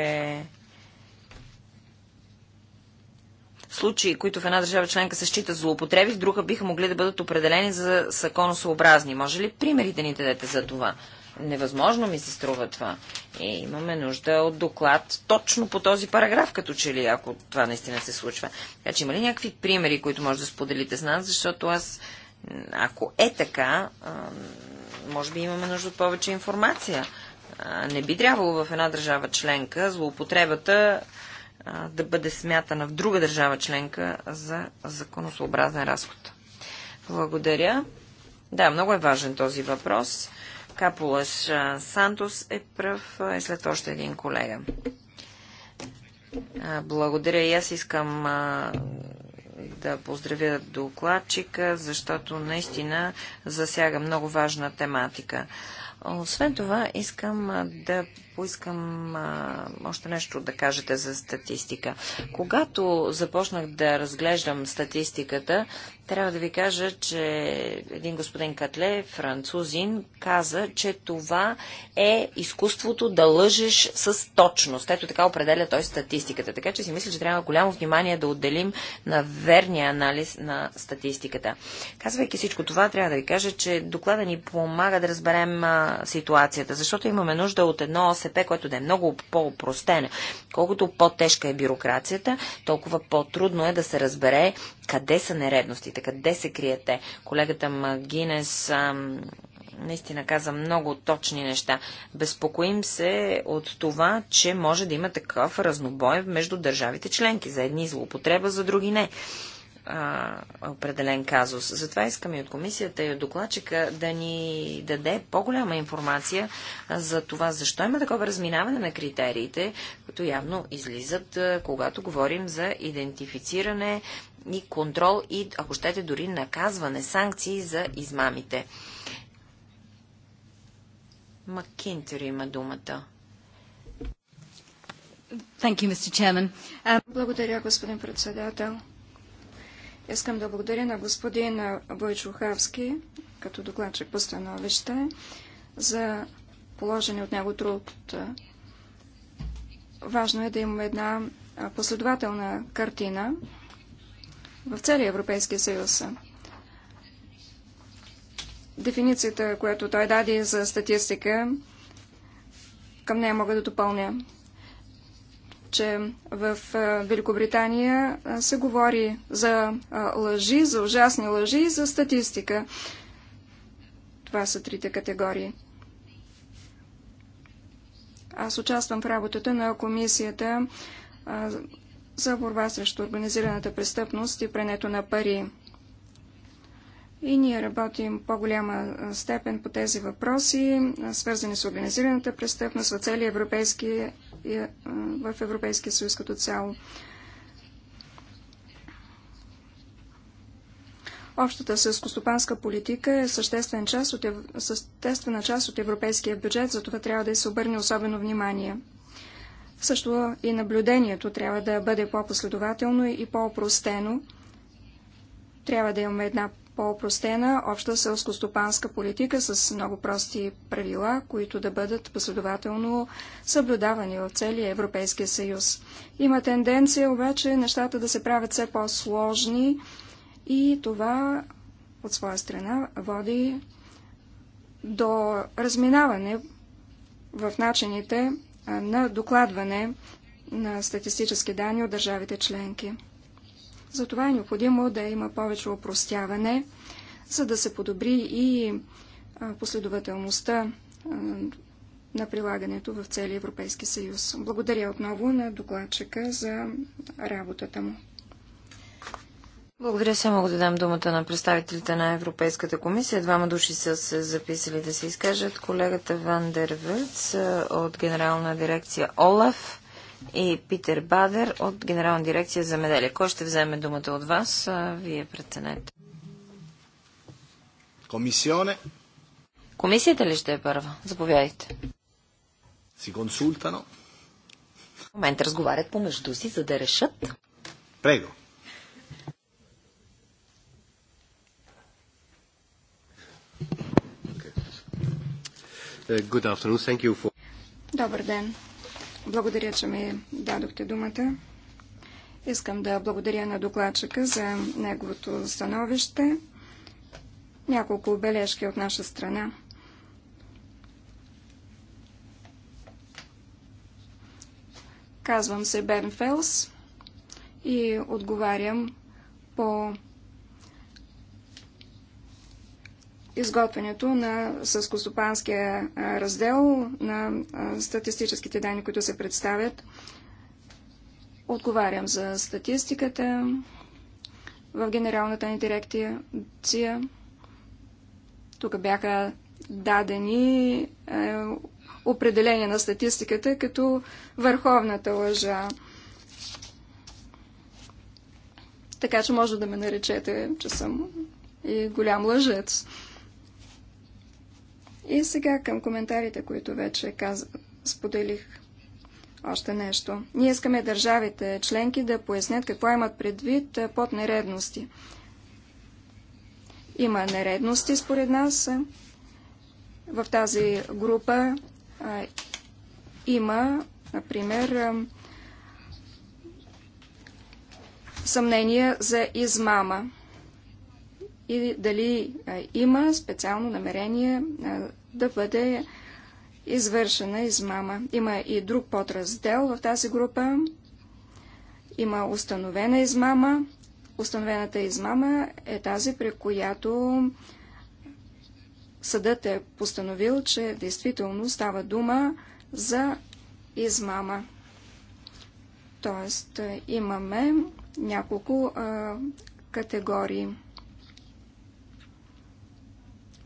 случаи, които в една държава членка се считат злоупотреби, в друга биха могли да бъдат определени за законосъобразни. Може ли примери да ни дадете за това? Невъзможно ми се струва това. И имаме нужда от доклад точно по този параграф, като че ли, ако това наистина се случва. Така че има ли някакви примери, които може да споделите с нас, защото аз, ако е така, може би имаме нужда от повече информация. Не би трябвало в една държава членка злоупотребата да бъде смятана в друга държава членка за законосообразен разход. Благодаря. Да, много е важен този въпрос. Капулаш Сантос е пръв и след още един колега. Благодаря и аз искам да поздравя докладчика, защото наистина засяга много важна тематика. Освен това, искам да поискам а, още нещо да кажете за статистика. Когато започнах да разглеждам статистиката, трябва да ви кажа, че един господин Катле, французин, каза, че това е изкуството да лъжеш с точност. Ето така определя той статистиката. Така че си мисля, че трябва голямо внимание да отделим на верния анализ на статистиката. Казвайки всичко това, трябва да ви кажа, че доклада ни помага да разберем а, ситуацията, защото имаме нужда от едно МСП, което да е много по-опростена. Колкото по-тежка е бюрокрацията, толкова по-трудно е да се разбере къде са нередностите, къде се криете. Колегата Магинес ам, наистина каза много точни неща. Безпокоим се от това, че може да има такъв разнобой между държавите членки. За едни злоупотреба, за други не а, определен казус. Затова искаме и от комисията и от докладчика да ни даде по-голяма информация за това, защо има такова разминаване на критериите, които явно излизат, когато говорим за идентифициране и контрол и, ако щете, дори наказване, санкции за измамите. Макинтер има думата. You, um... Благодаря, господин председател. Искам да благодаря на господин Войчухавски, като докладчик по становище, за положени от него труд. Важно е да имаме една последователна картина в целия Европейския съюз. Дефиницията, която той даде за статистика, към нея мога да допълня че в Великобритания се говори за лъжи, за ужасни лъжи и за статистика. Това са трите категории. Аз участвам в работата на комисията за борба срещу организираната престъпност и прането на пари. И ние работим в по-голяма степен по тези въпроси, свързани с организираната престъпност в целия Европейски в Европейския съюз като цяло. Общата селскостопанска политика е съществен част от, съществена част от европейския бюджет, затова трябва да се обърне особено внимание. Също и наблюдението трябва да бъде по-последователно и по-опростено. Трябва да имаме една по-опростена обща селскостопанска политика с много прости правила, които да бъдат последователно съблюдавани в целия Европейския съюз. Има тенденция обаче нещата да се правят все по-сложни и това от своя страна води до разминаване в начините на докладване на статистически данни от държавите членки. Затова е необходимо да има повече опростяване, за да се подобри и последователността на прилагането в целия Европейски съюз. Благодаря отново на докладчика за работата му. Благодаря. се. мога да дам думата на представителите на Европейската комисия. Двама души са се записали да се изкажат. Колегата Ван Дервец от Генерална дирекция ОЛАФ и Питер Бадер от Генерална дирекция за меделие. Кой ще вземе думата от вас? Вие преценете. Комисионе. Комисията ли ще е първа? Заповядайте. Си консултано. В момента разговарят помежду си, за да решат. Прего. Е, okay. For... Добър ден. Благодаря, че ми дадохте думата. Искам да благодаря на докладчика за неговото становище. Няколко бележки от наша страна. Казвам се Бен Фелс и отговарям по изготвянето на съскостопанския раздел на статистическите данни, които се представят. Отговарям за статистиката в Генералната ни дирекция. Тук бяха дадени определения на статистиката като върховната лъжа. Така че може да ме наречете, че съм и голям лъжец. И сега към коментарите, които вече каз... споделих. Още нещо. Ние искаме държавите членки да пояснят какво имат предвид е, под нередности. Има нередности според нас. В тази група а, е, има, например, а, е, съмнения за измама и дали има специално намерение да бъде извършена измама. Има и друг подраздел в тази група. Има установена измама. Установената измама е тази, при която съдът е постановил, че действително става дума за измама. Тоест имаме няколко а, категории.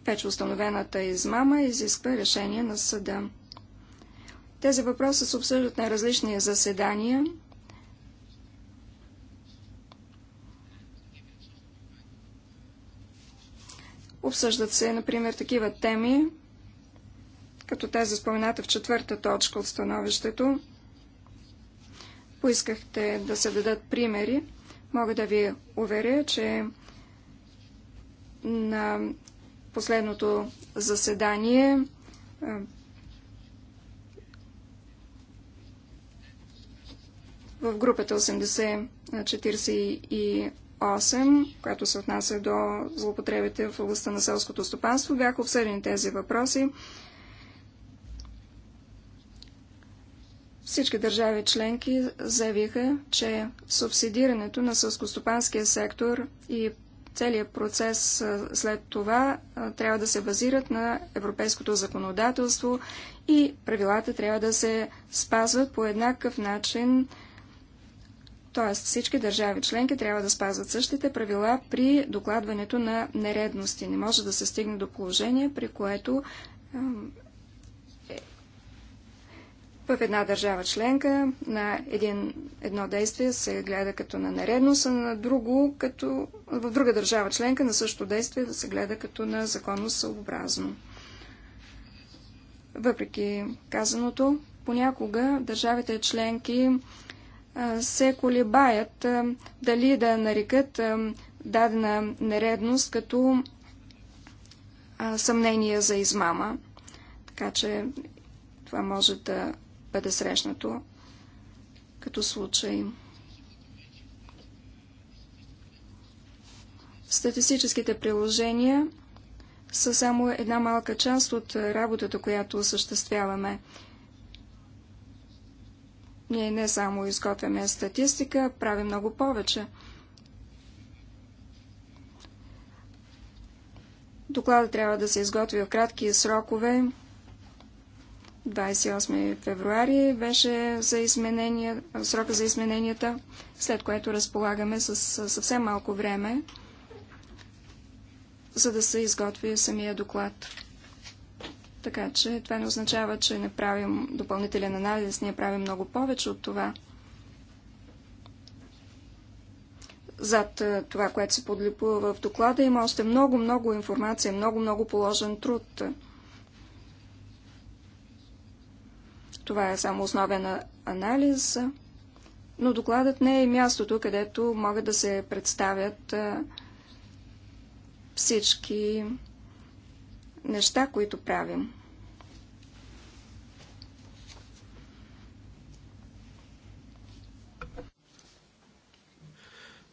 Вече установената измама изисква решение на съда. Тези въпроси се обсъждат на различни заседания. Обсъждат се, например, такива теми, като тази спомената в четвърта точка от становището. Поискахте да се дадат примери. Мога да ви уверя, че на последното заседание е, в групата 8048, която се отнася до злоупотребите в областта на селското стопанство, бяха обсъдени тези въпроси. Всички държави членки заявиха, че субсидирането на сълскостопанския сектор и целият процес след това трябва да се базират на европейското законодателство и правилата трябва да се спазват по еднакъв начин. Т.е. всички държави членки трябва да спазват същите правила при докладването на нередности. Не може да се стигне до положение, при което в една държава членка на един, едно действие се гледа като на нередност, а на друго, като в друга държава членка на същото действие да се гледа като на законно съобразно. Въпреки казаното, понякога държавите членки се колебаят дали да нарекат дадена нередност като съмнение за измама. Така че това може да бъде срещнато като случай. Статистическите приложения са само една малка част от работата, която осъществяваме. Ние не само изготвяме статистика, правим много повече. Докладът трябва да се изготви в кратки срокове. 28 февруари беше за изменения, срока за измененията, след което разполагаме с съвсем малко време, за да се изготви самия доклад. Така че това не означава, че не правим допълнителен анализ, ние правим много повече от това. Зад е, това, което се подлипува в доклада, има още много-много информация, много-много положен труд. Това е само основен анализ, но докладът не е мястото, където могат да се представят всички неща, които правим.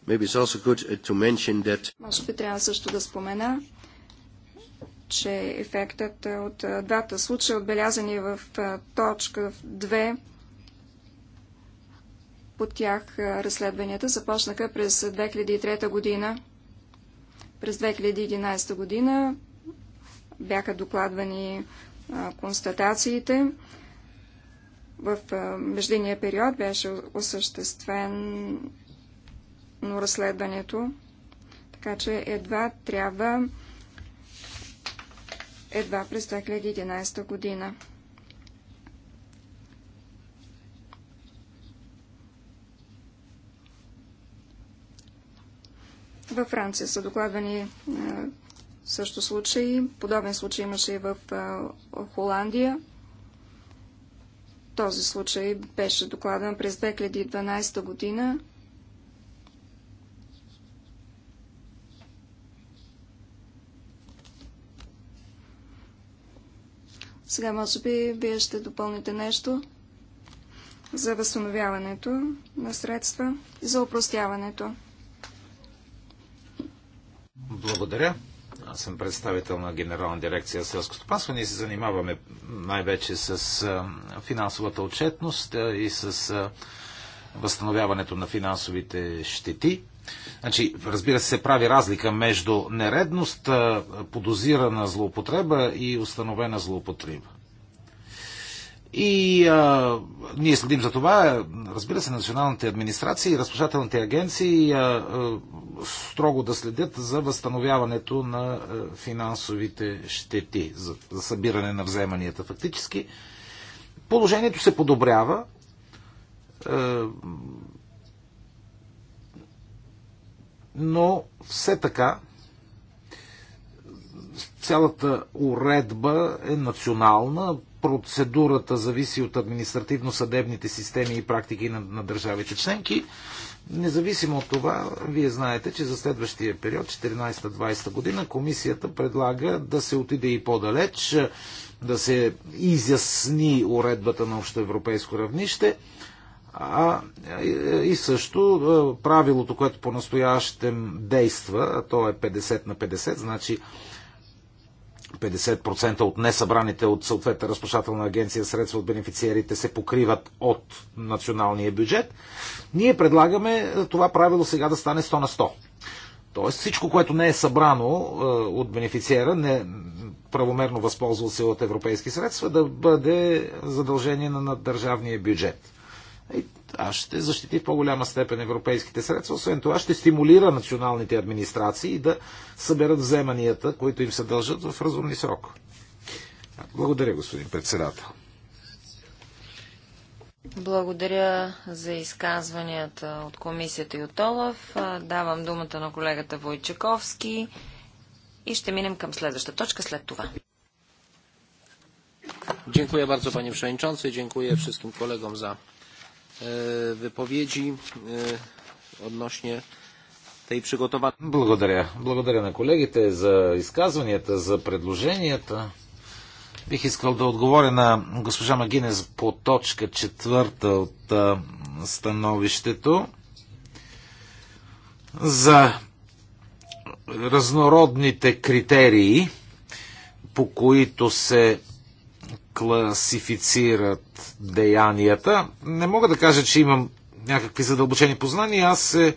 That... Може би трябва също да спомена, че ефектът е от двата случая, отбелязани в точка 2, по тях разследванията започнаха през 2003 година. През 2011 година бяха докладвани констатациите. В междинния период беше осъществено разследването, така че едва трябва едва през 2011 година. Във Франция са докладвани е, също случаи. Подобен случай имаше и в е, Холандия. Този случай беше докладан през 2012 година. Сега, може би, вие ще допълните нещо за възстановяването на средства и за упростяването. Благодаря. Аз съм представител на Генерална дирекция селско стопанство. Ние се занимаваме най-вече с финансовата отчетност и с възстановяването на финансовите щети. Значи, разбира се, се прави разлика между нередност, подозирана злоупотреба и установена злоупотреба. И а, ние следим за това. Разбира се, националните администрации и разпочателните агенции а, а, строго да следят за възстановяването на а, финансовите щети, за, за събиране на вземанията. Фактически положението се подобрява. А, но все така цялата уредба е национална, процедурата зависи от административно-съдебните системи и практики на, на държавите членки. Независимо от това, вие знаете, че за следващия период, 14-20 година, комисията предлага да се отиде и по-далеч, да се изясни уредбата на общоевропейско равнище – а, и също е, правилото, което по-настоящем действа, а то е 50 на 50, значи 50% от несъбраните от съответната разплащателна агенция средства от бенефициерите се покриват от националния бюджет, ние предлагаме е, това правило сега да стане 100 на 100. Тоест всичко, което не е събрано е, от бенефициера, не правомерно възползвал се от европейски средства, да бъде задължение на държавния бюджет аз ще защити в по-голяма степен европейските средства. Освен това, ще стимулира националните администрации да съберат вземанията, които им се дължат в разумни срок. Благодаря, господин председател. Благодаря за изказванията от комисията и от Олаф. Давам думата на колегата Войчаковски и ще минем към следваща точка след това. Dziękuję bardzo panie przewodniczący, dziękuję wszystkim kolegom za E, wypowiedzi e, odnośnie Благодаря. Благодаря на колегите за изказванията, за предложенията. Бих искал да отговоря на госпожа Магинес по точка четвърта от становището за разнородните критерии, по които се класифицират деянията. Не мога да кажа, че имам някакви задълбочени познания. Аз се е,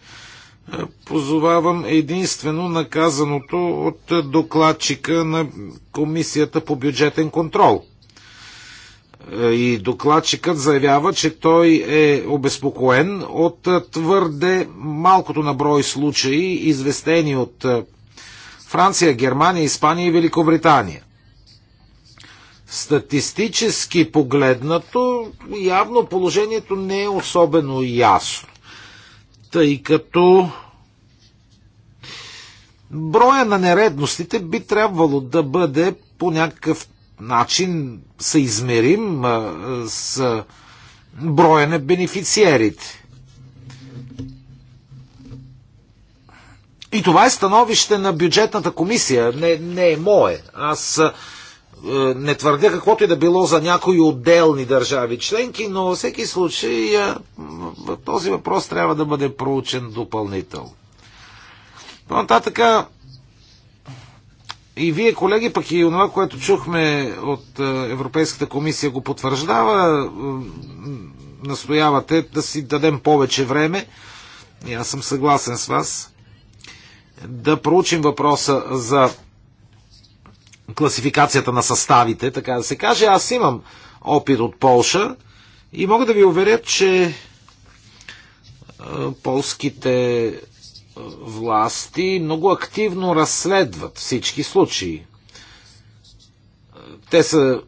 позовавам единствено наказаното от докладчика на Комисията по бюджетен контрол. Е, и докладчикът заявява, че той е обезпокоен от твърде малкото наброй случаи, известени от е, Франция, Германия, Испания и Великобритания статистически погледнато, явно положението не е особено ясно, тъй като броя на нередностите би трябвало да бъде по някакъв начин съизмерим с броя на бенефициерите. И това е становище на бюджетната комисия, не, не е мое. Аз е, не твърдя каквото и да било за някои отделни държави членки, но във всеки случай е, този въпрос трябва да бъде проучен допълнително. По-нататъка е, и вие, колеги, пък и това, което чухме от Европейската комисия го потвърждава, настоявате да си дадем повече време. И аз съм съгласен с вас. Да проучим въпроса за класификацията на съставите, така да се каже. Аз имам опит от Полша и мога да ви уверя, че е, полските е, власти много активно разследват всички случаи. Те са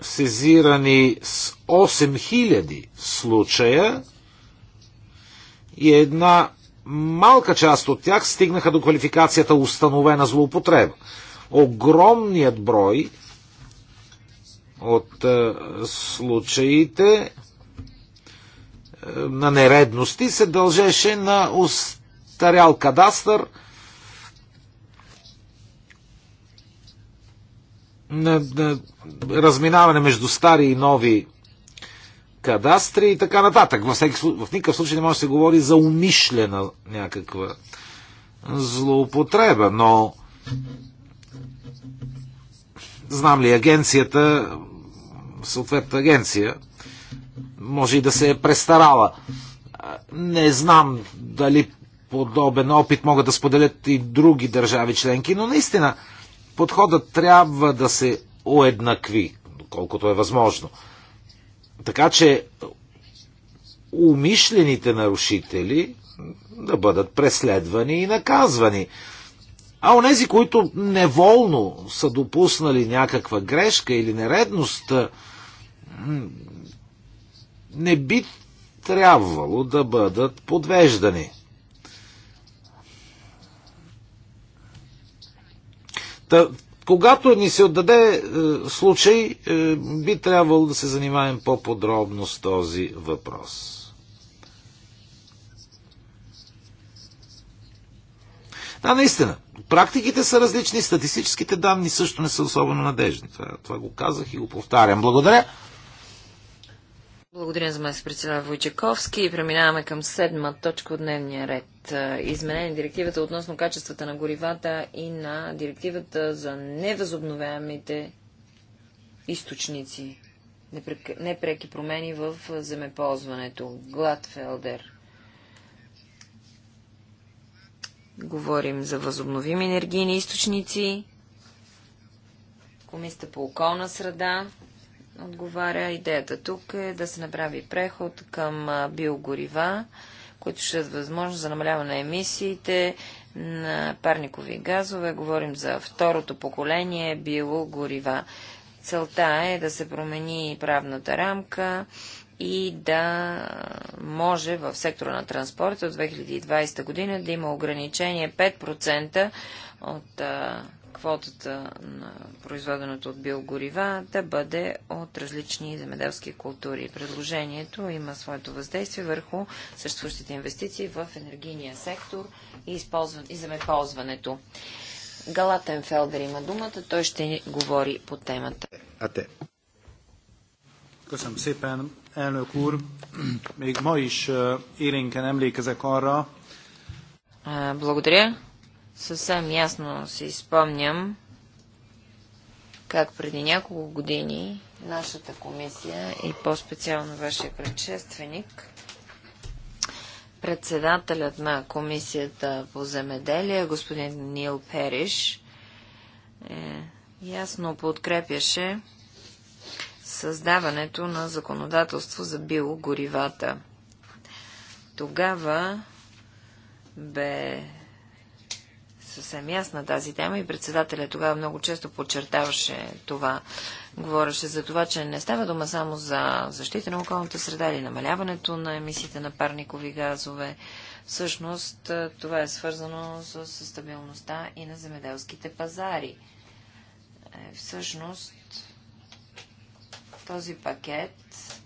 сезирани с 8000 случая и една малка част от тях стигнаха до квалификацията установена злоупотреба огромният брой от е, случаите е, на нередности се дължеше на устарял кадастър, на, на разминаване между стари и нови кадастри и така нататък. Във, всеки, в никакъв случай не може да се говори за умишлена някаква злоупотреба, но Знам ли, агенцията, съответната агенция, може и да се е престарала. Не знам дали подобен опит могат да споделят и други държави членки, но наистина подходът трябва да се уеднакви, колкото е възможно. Така че умишлените нарушители да бъдат преследвани и наказвани. А онези, които неволно са допуснали някаква грешка или нередност, не би трябвало да бъдат подвеждани. Та, когато ни се отдаде е, случай, е, би трябвало да се занимаем по-подробно с този въпрос. Да, наистина. Практиките са различни, статистическите данни също не са особено надежни. Това, това го казах и го повтарям. Благодаря. Благодаря за мес председател Войчаковски. Преминаваме към седма точка от дневния ред. Изменение на директивата относно качествата на горивата и на директивата за невъзобновяемите източници. Непреки промени в земеползването. Гладфелдер. Говорим за възобновими енергийни източници. Комисията по околна среда отговаря. Идеята тук е да се направи преход към биогорива, които ще дадат възможност за намаляване на емисиите на парникови газове. Говорим за второто поколение биогорива. Целта е да се промени правната рамка и да може в сектора на транспорта от 2020 година да има ограничение 5% от а, квотата на произведеното от биогорива да бъде от различни земеделски култури. Предложението има своето въздействие върху съществуващите инвестиции в енергийния сектор и, използван... и земеползването. Галатен Фелдер има думата, той ще говори по темата. А те. Köszönöm szépen, elnök úr. Még ma is élénken emlékezek arra. Е, благодаря. Съвсем ясно си спомням как преди няколко години нашата комисия и по-специално вашия предшественик, председателят на комисията по земеделие, господин Нил Периш, е, ясно подкрепяше създаването на законодателство за биогоривата. Тогава бе съвсем ясна тази тема и председателя тогава много често подчертаваше това. Говореше за това, че не става дума само за защита на околната среда или намаляването на емисиите на парникови газове. Всъщност това е свързано с стабилността и на земеделските пазари. Е, всъщност този пакет,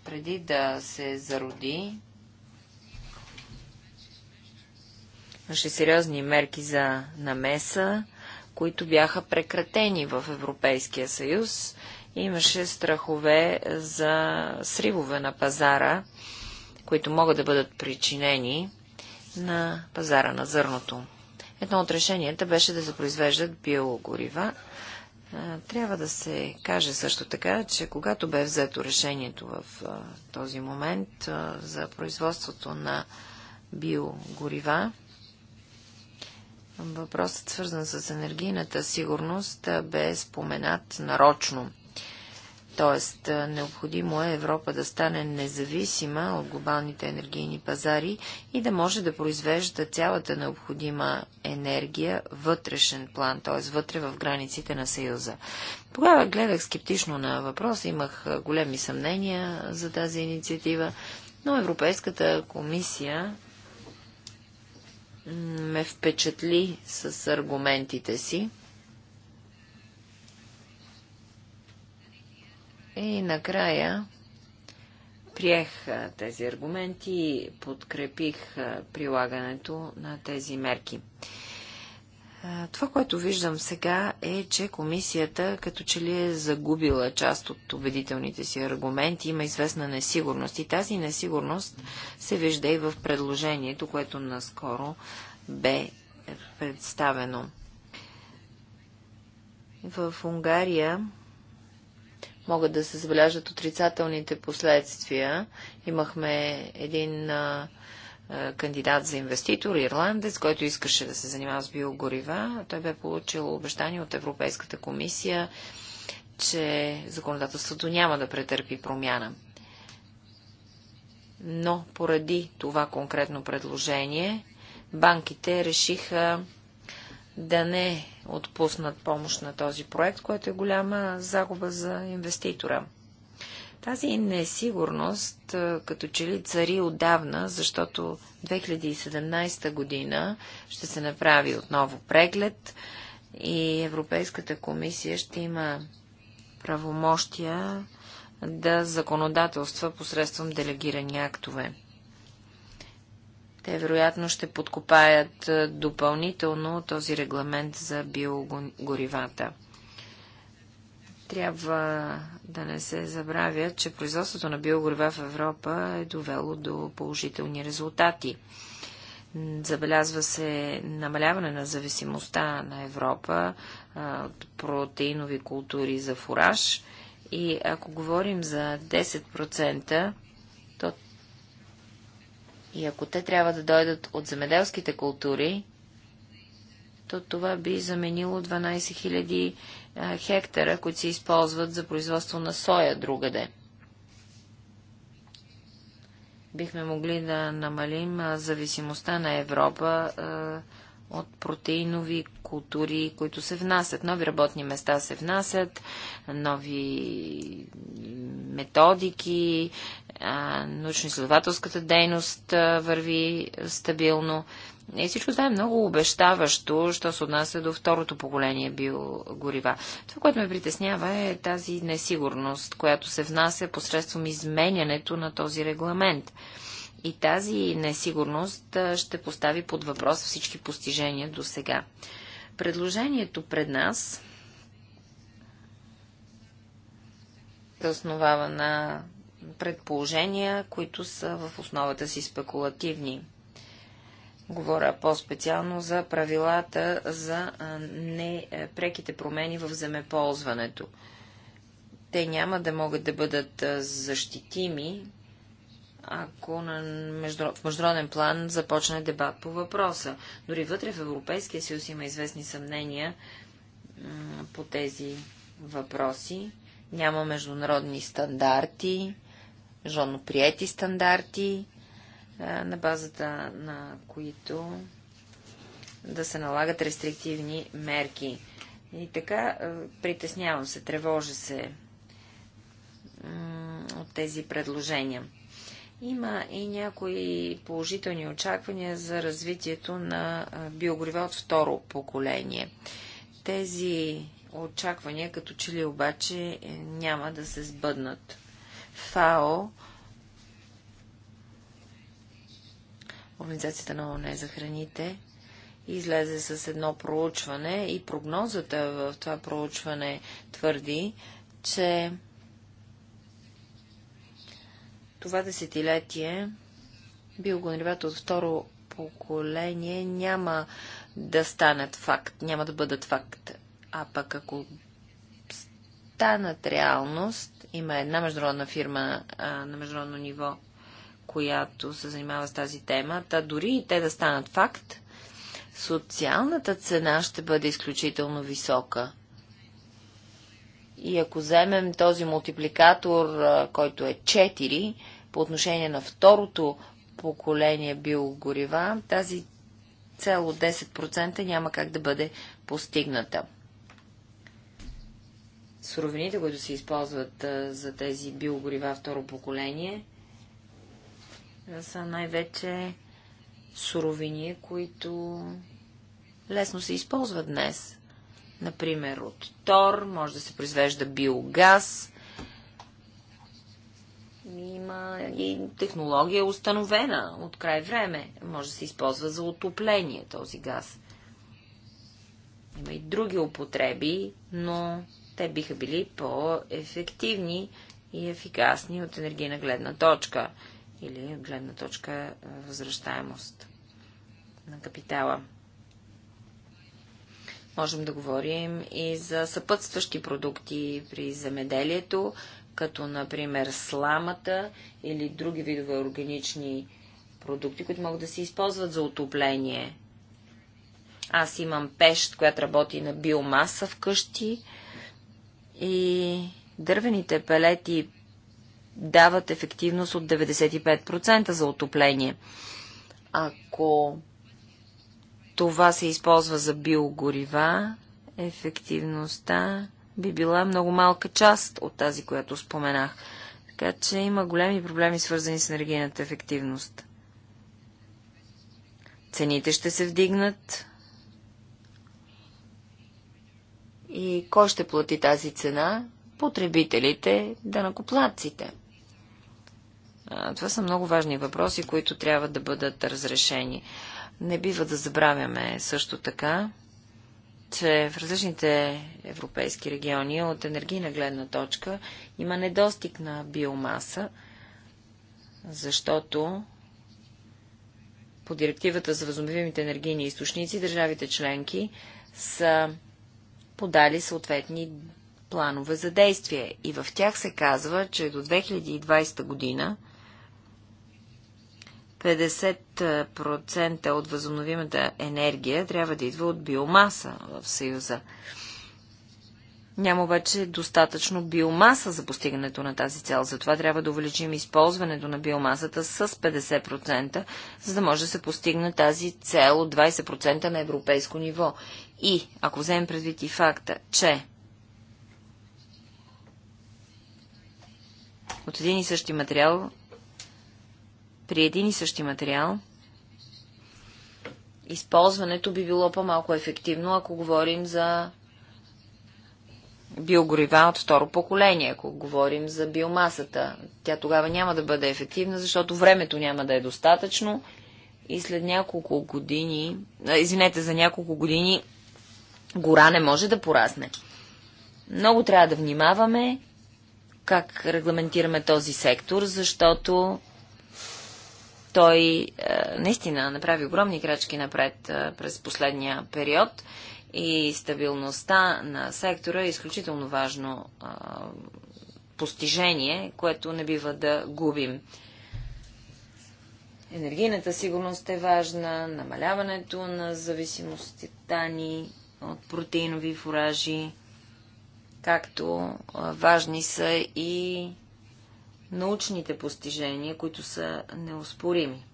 преди да се зароди, имаше сериозни мерки за намеса, които бяха прекратени в Европейския съюз. Имаше страхове за сривове на пазара, които могат да бъдат причинени на пазара на зърното. Едно от решенията беше да се произвеждат биогорива трябва да се каже също така, че когато бе взето решението в този момент за производството на биогорива, въпросът свързан с енергийната сигурност бе споменат нарочно. Тоест, необходимо е Европа да стане независима от глобалните енергийни пазари и да може да произвежда цялата необходима енергия вътрешен план, т.е. вътре в границите на Съюза. Тогава гледах скептично на въпроса, имах големи съмнения за тази инициатива, но Европейската комисия ме впечатли с аргументите си И накрая приех тези аргументи и подкрепих прилагането на тези мерки. Това, което виждам сега е, че комисията като че ли е загубила част от убедителните си аргументи, има известна несигурност. И тази несигурност се вижда и в предложението, което наскоро бе представено. В Унгария могат да се забележат отрицателните последствия. Имахме един а, кандидат за инвеститор, ирландец, който искаше да се занимава с биогорива. Той бе получил обещание от Европейската комисия, че законодателството няма да претърпи промяна. Но поради това конкретно предложение, банките решиха да не отпуснат помощ на този проект, което е голяма загуба за инвеститора. Тази несигурност като че ли цари отдавна, защото 2017 година ще се направи отново преглед и Европейската комисия ще има правомощия да законодателства посредством делегирани актове. Те вероятно ще подкопаят е, допълнително този регламент за биогоривата. Трябва да не се забравя, че производството на биогорива в Европа е довело до положителни резултати. Забелязва се намаляване на зависимостта на Европа е, от протеинови култури за фураж. И ако говорим за 10% и ако те трябва да дойдат от земеделските култури, то това би заменило 12 000 хектара, които се използват за производство на соя другаде. Бихме могли да намалим зависимостта на Европа от протеинови култури, които се внасят. Нови работни места се внасят, нови методики, научно-изследователската дейност върви стабилно. И всичко това е много обещаващо, що се отнася до второто поколение биогорива. Това, което ме притеснява е тази несигурност, която се внася посредством изменянето на този регламент. И тази несигурност ще постави под въпрос всички постижения до сега. Предложението пред нас се основава на предположения, които са в основата си спекулативни. Говоря по-специално за правилата за непреките е, промени в земеползването. Те няма да могат да бъдат защитими, ако на междур... в международен план започне дебат по въпроса. Дори вътре в Европейския съюз има известни съмнения по тези въпроси. Няма международни стандарти международно стандарти, на базата на които да се налагат рестриктивни мерки. И така, притеснявам се, тревожа се от тези предложения. Има и някои положителни очаквания за развитието на биогорива от второ поколение. Тези очаквания като че ли обаче е, няма да се сбъднат. ФАО, Организацията на ОНЕ за храните, излезе с едно проучване и прогнозата в това проучване твърди, че това десетилетие биогонривата от второ поколение няма да станат факт, няма да бъдат факт. А пък ако станат реалност. Има една международна фирма а, на международно ниво, която се занимава с тази тема. Та дори и те да станат факт, социалната цена ще бъде изключително висока. И ако вземем този мултипликатор, а, който е 4, по отношение на второто поколение биогорива, тази цел от 10% няма как да бъде постигната суровините, които се използват а, за тези биогорива второ поколение, са най-вече суровини, които лесно се използват днес. Например, от тор може да се произвежда биогаз. Има и технология установена от край време. Може да се използва за отопление този газ. Има и други употреби, но те биха били по-ефективни и ефикасни от енергийна гледна точка или от гледна точка е, възвръщаемост на капитала. Можем да говорим и за съпътстващи продукти при земеделието, като например сламата или други видове органични продукти, които могат да се използват за отопление. Аз имам пещ, която работи на биомаса вкъщи. къщи и дървените пелети дават ефективност от 95% за отопление. Ако това се използва за биогорива, ефективността би била много малка част от тази, която споменах. Така че има големи проблеми, свързани с енергийната ефективност. Цените ще се вдигнат, И кой ще плати тази цена? Потребителите, данакоплатците. Това са много важни въпроси, които трябва да бъдат разрешени. Не бива да забравяме също така, че в различните европейски региони от енергийна гледна точка има недостиг на биомаса, защото по директивата за възобновимите енергийни източници държавите членки са подали съответни планове за действие. И в тях се казва, че до 2020 година 50% от възобновимата енергия трябва да идва от биомаса в Съюза. Няма обаче достатъчно биомаса за постигането на тази цел. Затова трябва да увеличим използването на биомасата с 50%, за да може да се постигне тази цел от 20% на европейско ниво. И ако вземем предвид и факта, че от един и същи материал, при един и същи материал, използването би било по-малко ефективно, ако говорим за биогорива от второ поколение, ако говорим за биомасата. Тя тогава няма да бъде ефективна, защото времето няма да е достатъчно и след няколко години, извинете, за няколко години гора не може да порасне. Много трябва да внимаваме как регламентираме този сектор, защото той е, наистина направи огромни крачки напред е, през последния период и стабилността на сектора е изключително важно е, постижение, което не бива да губим. Енергийната сигурност е важна, намаляването на зависимостта ни от протеинови фуражи, както важни са и научните постижения, които са неоспорими.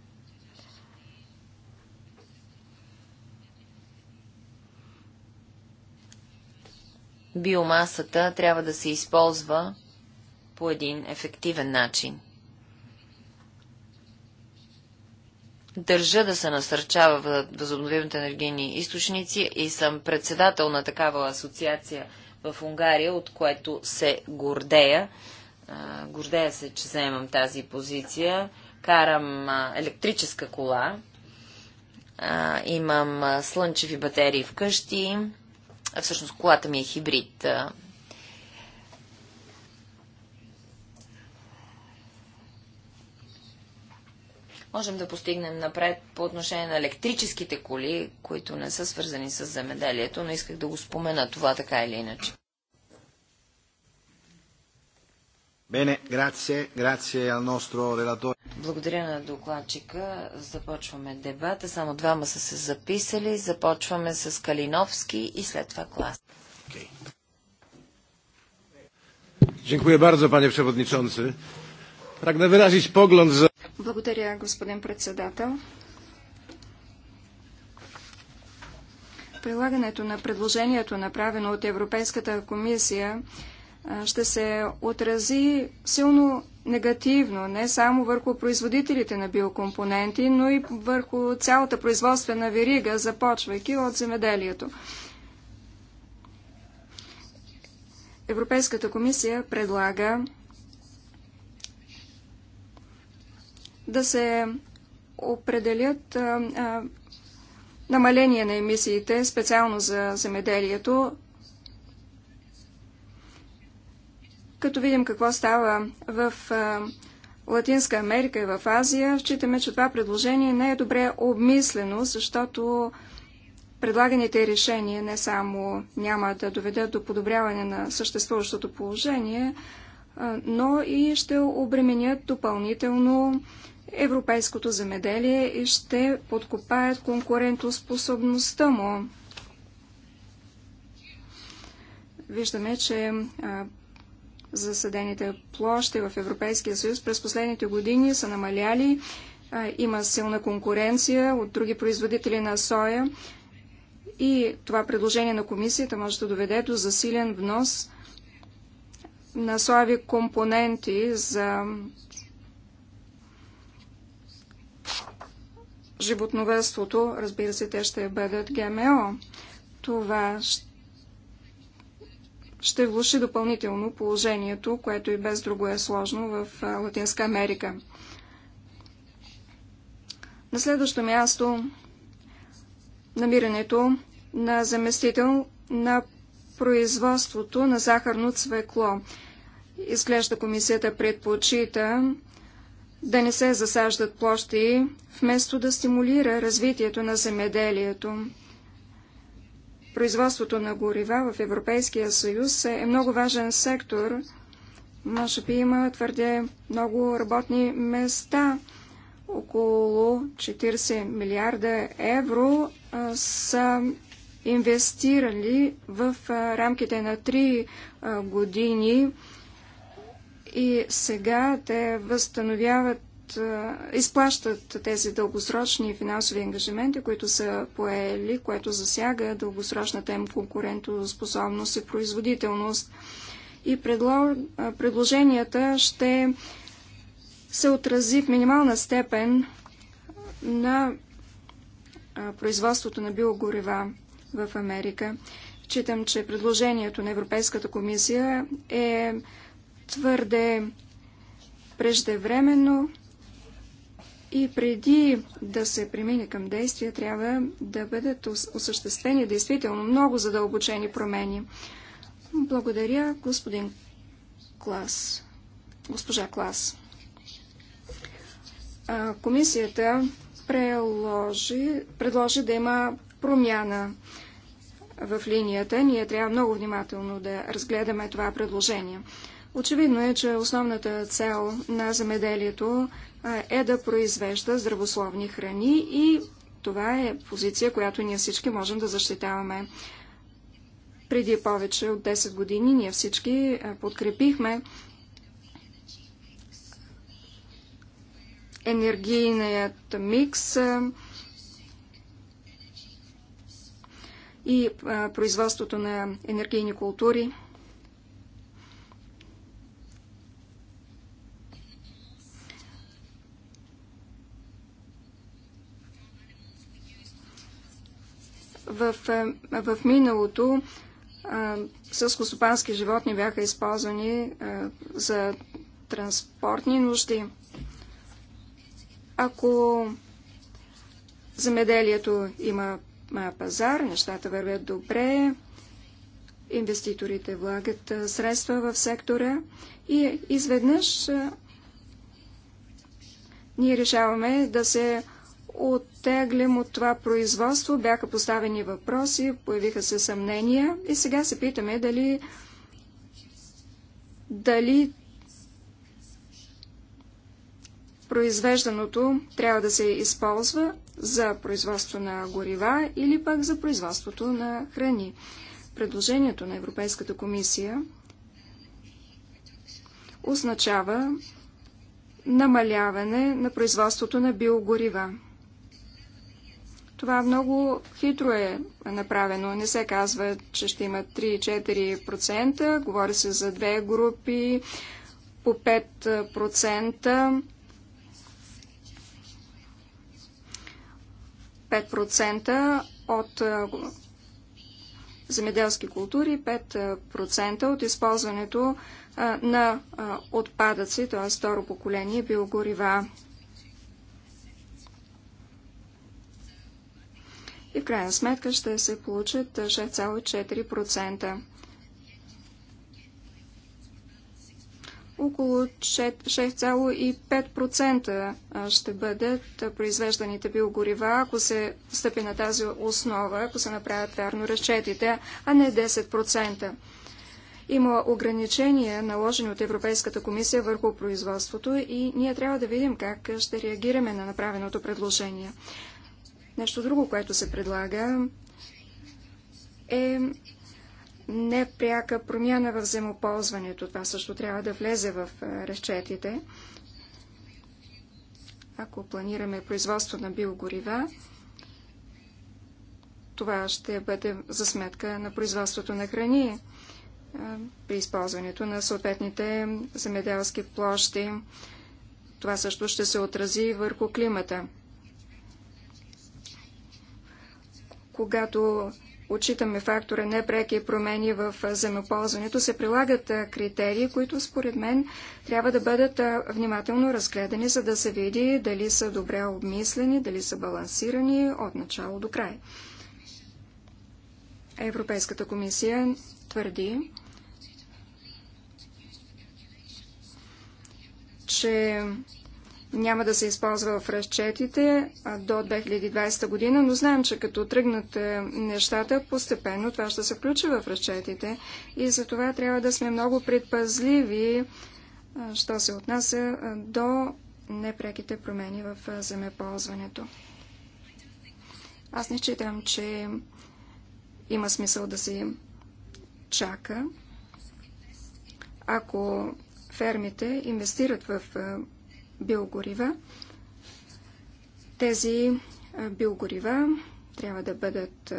Биомасата трябва да се използва по един ефективен начин – държа да се насърчава в възобновимите енергийни източници и съм председател на такава асоциация в Унгария, от което се гордея. гордея се, че заемам тази позиция. Карам електрическа кола. имам слънчеви батерии вкъщи. Всъщност колата ми е хибрид. можем да постигнем напред по отношение на електрическите коли, които не са свързани с земеделието, но исках да го спомена това така или иначе. Bene, grazie, grazie al nostro relatore. Благодаря на докладчика. Започваме дебата. Само двама са се записали. Започваме с Калиновски и след това клас. Okay. Dziękuję bardzo, panie przewodniczący. Pragnę wyrazić pogląd, благодаря, господин председател. Прилагането на предложението, направено от Европейската комисия, ще се отрази силно негативно не само върху производителите на биокомпоненти, но и върху цялата производствена верига, започвайки от земеделието. Европейската комисия предлага да се определят а, а, намаление на емисиите, специално за земеделието. Като видим какво става в а, Латинска Америка и в Азия, считаме, че това предложение не е добре обмислено, защото предлаганите решения не само няма да доведат до подобряване на съществуващото положение, но и ще обременят допълнително европейското земеделие и ще подкопаят конкурентоспособността му. Виждаме, че засадените площи в Европейския съюз през последните години са намаляли. Има силна конкуренция от други производители на соя и това предложение на комисията може да доведе до засилен внос на слави компоненти за животновеството, разбира се, те ще бъдат ГМО. Това ще влуши допълнително положението, което и без друго е сложно в Латинска Америка. На следващо място намирането на заместител на производството на захарно цвекло. Изглежда комисията предпочита да не се засаждат площи, вместо да стимулира развитието на земеделието. Производството на горива в Европейския съюз е много важен сектор. Може би има твърде много работни места. Около 40 милиарда евро са инвестирали в рамките на 3 години и сега те възстановяват, изплащат тези дългосрочни финансови ангажименти, които са поели, което засяга дългосрочната им конкурентоспособност и производителност. И предложенията ще се отрази в минимална степен на производството на биогорева в Америка. Читам, че предложението на Европейската комисия е твърде преждевременно и преди да се премине към действия, трябва да бъдат осъществени действително много задълбочени промени. Благодаря, господин Клас. Госпожа Клас. Комисията преложи, предложи да има промяна в линията. Ние трябва много внимателно да разгледаме това предложение. Очевидно е, че основната цел на земеделието е да произвежда здравословни храни и това е позиция, която ние всички можем да защитаваме. Преди повече от 10 години ние всички подкрепихме енергийният микс и производството на енергийни култури – В, е, в миналото е, сълскостопански животни бяха използвани е, за транспортни нужди. Ако земеделието има пазар, нещата вървят добре, инвеститорите влагат средства в сектора и изведнъж ние решаваме да се оттеглим от това производство, бяха поставени въпроси, появиха се съмнения и сега се питаме дали, дали произвежданото трябва да се използва за производство на горива или пък за производството на храни. Предложението на Европейската комисия означава намаляване на производството на биогорива. Това много хитро е направено. Не се казва, че ще има 3-4%. Говори се за две групи по 5%. 5% от земеделски култури, 5% от използването на отпадъци, т.е. второ поколение биогорива. и в крайна сметка ще се получат 6,4%. Около 6,5% ще бъдат произвежданите биогорива, ако се стъпи на тази основа, ако се направят вярно разчетите, а не 10%. Има ограничения, наложени от Европейската комисия върху производството и ние трябва да видим как ще реагираме на направеното предложение. Нещо друго, което се предлага е непряка промяна в вземоползването. Това също трябва да влезе в разчетите. Ако планираме производство на биогорива, това ще бъде за сметка на производството на храни при използването на съответните земеделски площи. Това също ще се отрази върху климата. когато отчитаме фактора непреки промени в земеползването, се прилагат критерии, които според мен трябва да бъдат внимателно разгледани, за да се види дали са добре обмислени, дали са балансирани от начало до край. Европейската комисия твърди, че няма да се използва в разчетите до 2020 година, но знаем, че като тръгнат е, нещата, постепенно това ще се включи в разчетите и за това трябва да сме много предпазливи, що се отнася до непреките промени в земеползването. Аз не считам, че има смисъл да се чака. Ако фермите инвестират в биогорива. Тези биогорива трябва да бъдат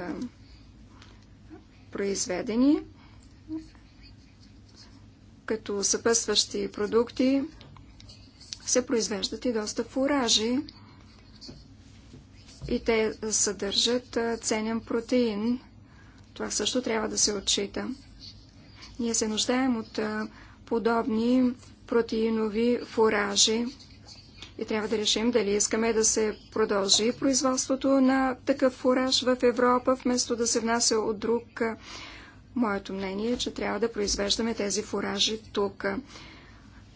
произведени като съпъстващи продукти се произвеждат и доста фуражи и те съдържат ценен протеин. Това също трябва да се отчита. Ние се нуждаем от подобни протеинови фуражи. И трябва да решим дали искаме да се продължи производството на такъв фураж в Европа, вместо да се внася от друг. Моето мнение е, че трябва да произвеждаме тези фуражи тук.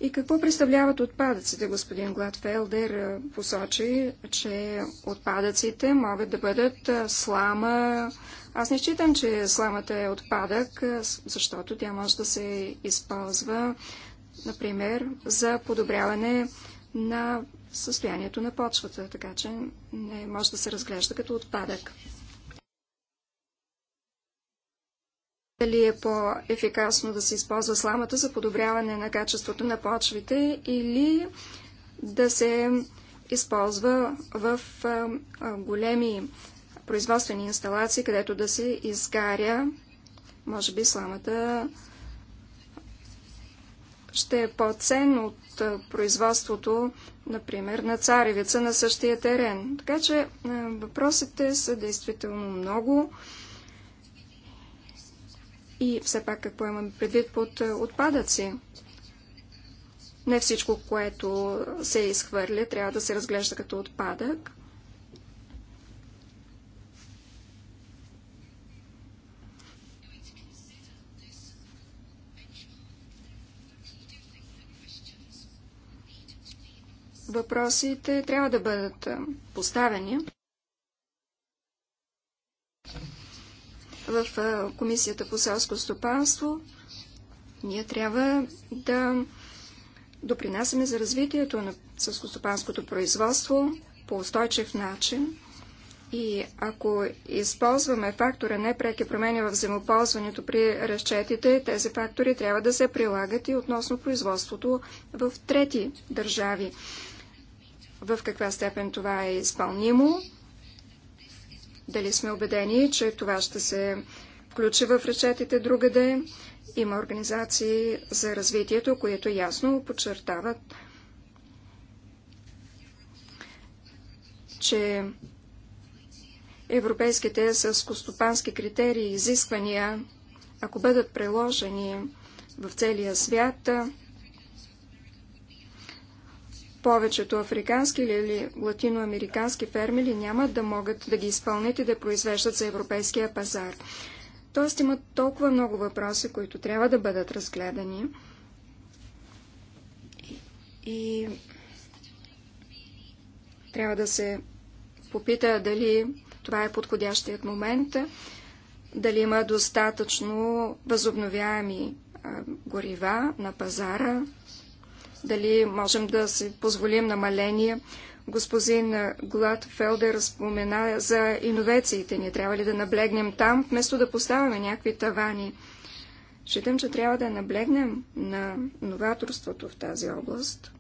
И какво представляват отпадъците? Господин Гладфелдер посочи, че отпадъците могат да бъдат слама. Аз не считам, че сламата е отпадък, защото тя може да се използва например, за подобряване на състоянието на почвата, така че не може да се разглежда като отпадък. Дали е по-ефикасно да се използва сламата за подобряване на качеството на почвите или да се използва в големи производствени инсталации, където да се изгаря, може би, сламата ще е по-цен от производството, например, на царевица на същия терен. Така че въпросите са действително много. И все пак какво имаме предвид под отпадъци? Не всичко, което се изхвърля, трябва да се разглежда като отпадък. въпросите трябва да бъдат поставени. В Комисията по селско стопанство ние трябва да допринасяме за развитието на селскостопанското производство по устойчив начин. И ако използваме фактора непреки промени в взаимоползването при разчетите, тези фактори трябва да се прилагат и относно производството в трети държави в каква степен това е изпълнимо, дали сме убедени, че това ще се включи в речетите другаде. Има организации за развитието, които ясно подчертават, че европейските с костопански критерии и изисквания, ако бъдат приложени в целия свят, повечето африкански или латиноамерикански фермери няма да могат да ги изпълнят и да произвеждат за европейския пазар. Тоест има толкова много въпроси, които трябва да бъдат разгледани. И трябва да се попита дали това е подходящият момент, дали има достатъчно възобновяеми горива на пазара, дали можем да си позволим намаление. Господин Глад Фелдер спомена за иновациите. Ние трябва ли да наблегнем там, вместо да поставяме някакви тавани? Считам, че трябва да наблегнем на новаторството в тази област.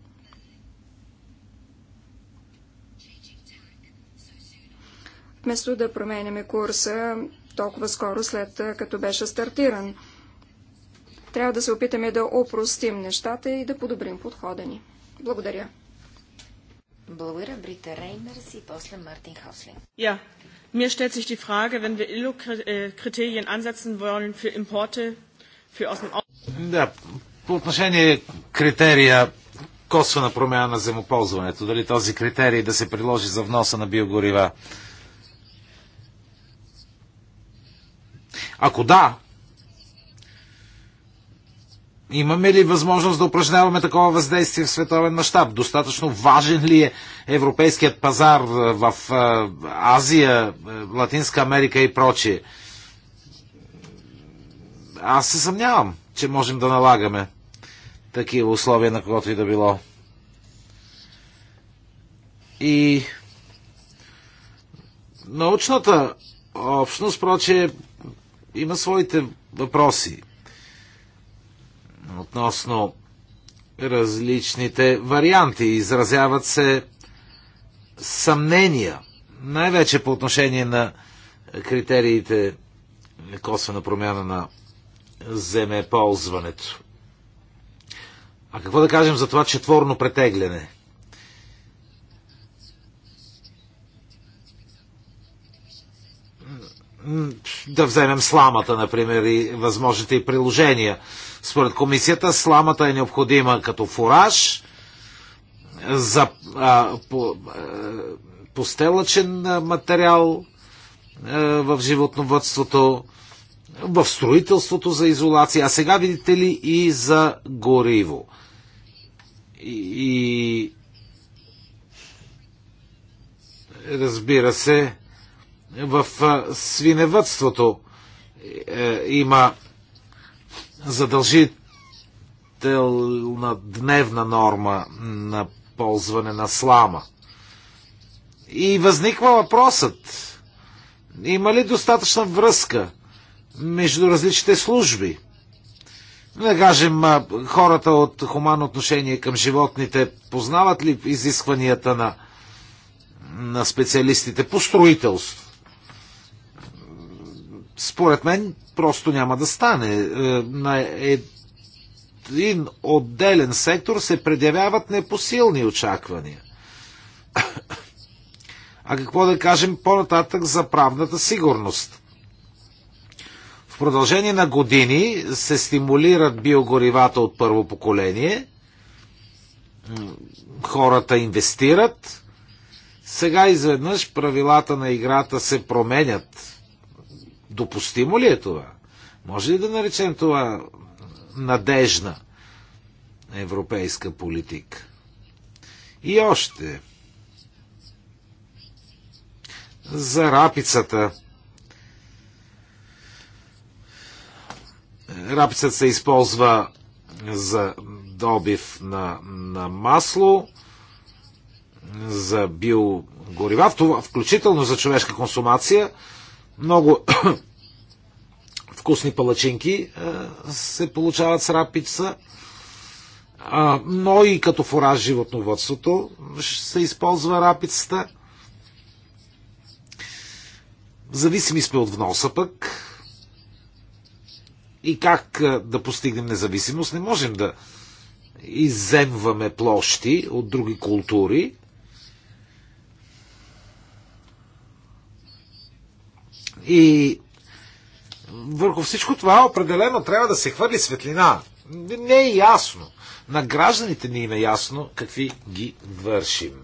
Вместо да променяме курса толкова скоро след като беше стартиран трябва да се опитаме да опростим нещата и да подобрим подхода ни. Благодаря. Благодаря Брита Реймерс и после Мартин Хауслинг. Ja, mir stellt sich die Frage, wenn wir ILO-Kriterien ansetzen wollen für Importe für aus dem Да, по отношение критерия косвена промяна на земоползването, дали този критерий да се приложи за вноса на биогорива. Ако да, Имаме ли възможност да упражняваме такова въздействие в световен мащаб? Достатъчно важен ли е европейският пазар е, в е, Азия, е, Латинска Америка и прочие? Аз се съмнявам, че можем да налагаме такива условия на когото и да било. И научната общност, проче, има своите въпроси относно различните варианти. Изразяват се съмнения, най-вече по отношение на критериите косвена промяна на земеползването. А какво да кажем за това четворно претегляне? Да вземем сламата, например, и възможните и приложения. Според комисията сламата е необходима като фураж за а, по, а, постелъчен материал а, в животновътството, в строителството за изолация, а сега видите ли и за гориво. И разбира се, в свиневътството е, има задължителна дневна норма на ползване на слама. И възниква въпросът, има ли достатъчна връзка между различните служби? Да кажем, хората от хуманно отношение към животните познават ли изискванията на, на специалистите по строителство? според мен просто няма да стане. Е, на е, един отделен сектор се предявяват непосилни очаквания. А какво да кажем по-нататък за правната сигурност? В продължение на години се стимулират биогоривата от първо поколение, хората инвестират, сега изведнъж правилата на играта се променят допустимо ли е това? Може ли да наречем това надежна европейска политика? И още за рапицата. Рапицата се използва за добив на, на масло, за биогорива, включително за човешка консумация. Много вкусни палачинки е, се получават с рапица, но и като фораж животноводството се използва рапицата. Зависими сме от вноса пък. И как е, да постигнем независимост? Не можем да иземваме площи от други култури. И върху всичко това определено трябва да се хвърли светлина. Не е ясно. На гражданите ни им е ясно какви ги вършим.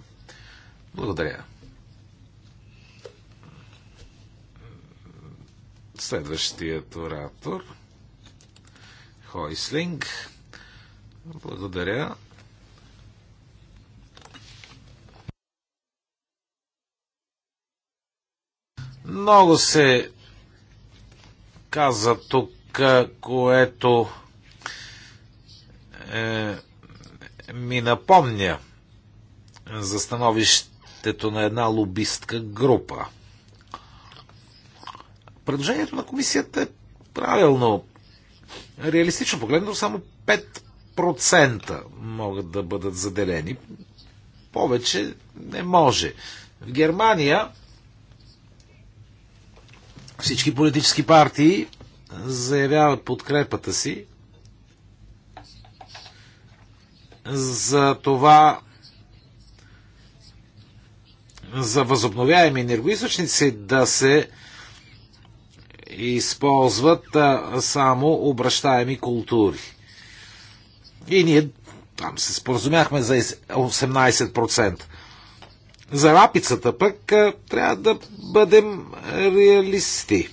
Благодаря. Следващият оратор. Хойслинг. Благодаря. Много се каза тук, което е, ми напомня за становището на една лобистка група. Предложението на комисията е правилно. Реалистично погледнато само 5% могат да бъдат заделени. Повече не може. В Германия всички политически партии заявяват подкрепата си за това за възобновяеми енергоисточници да се използват само обращаеми култури. И ние там се споразумяхме за 18%. За рапицата пък трябва да бъдем реалисти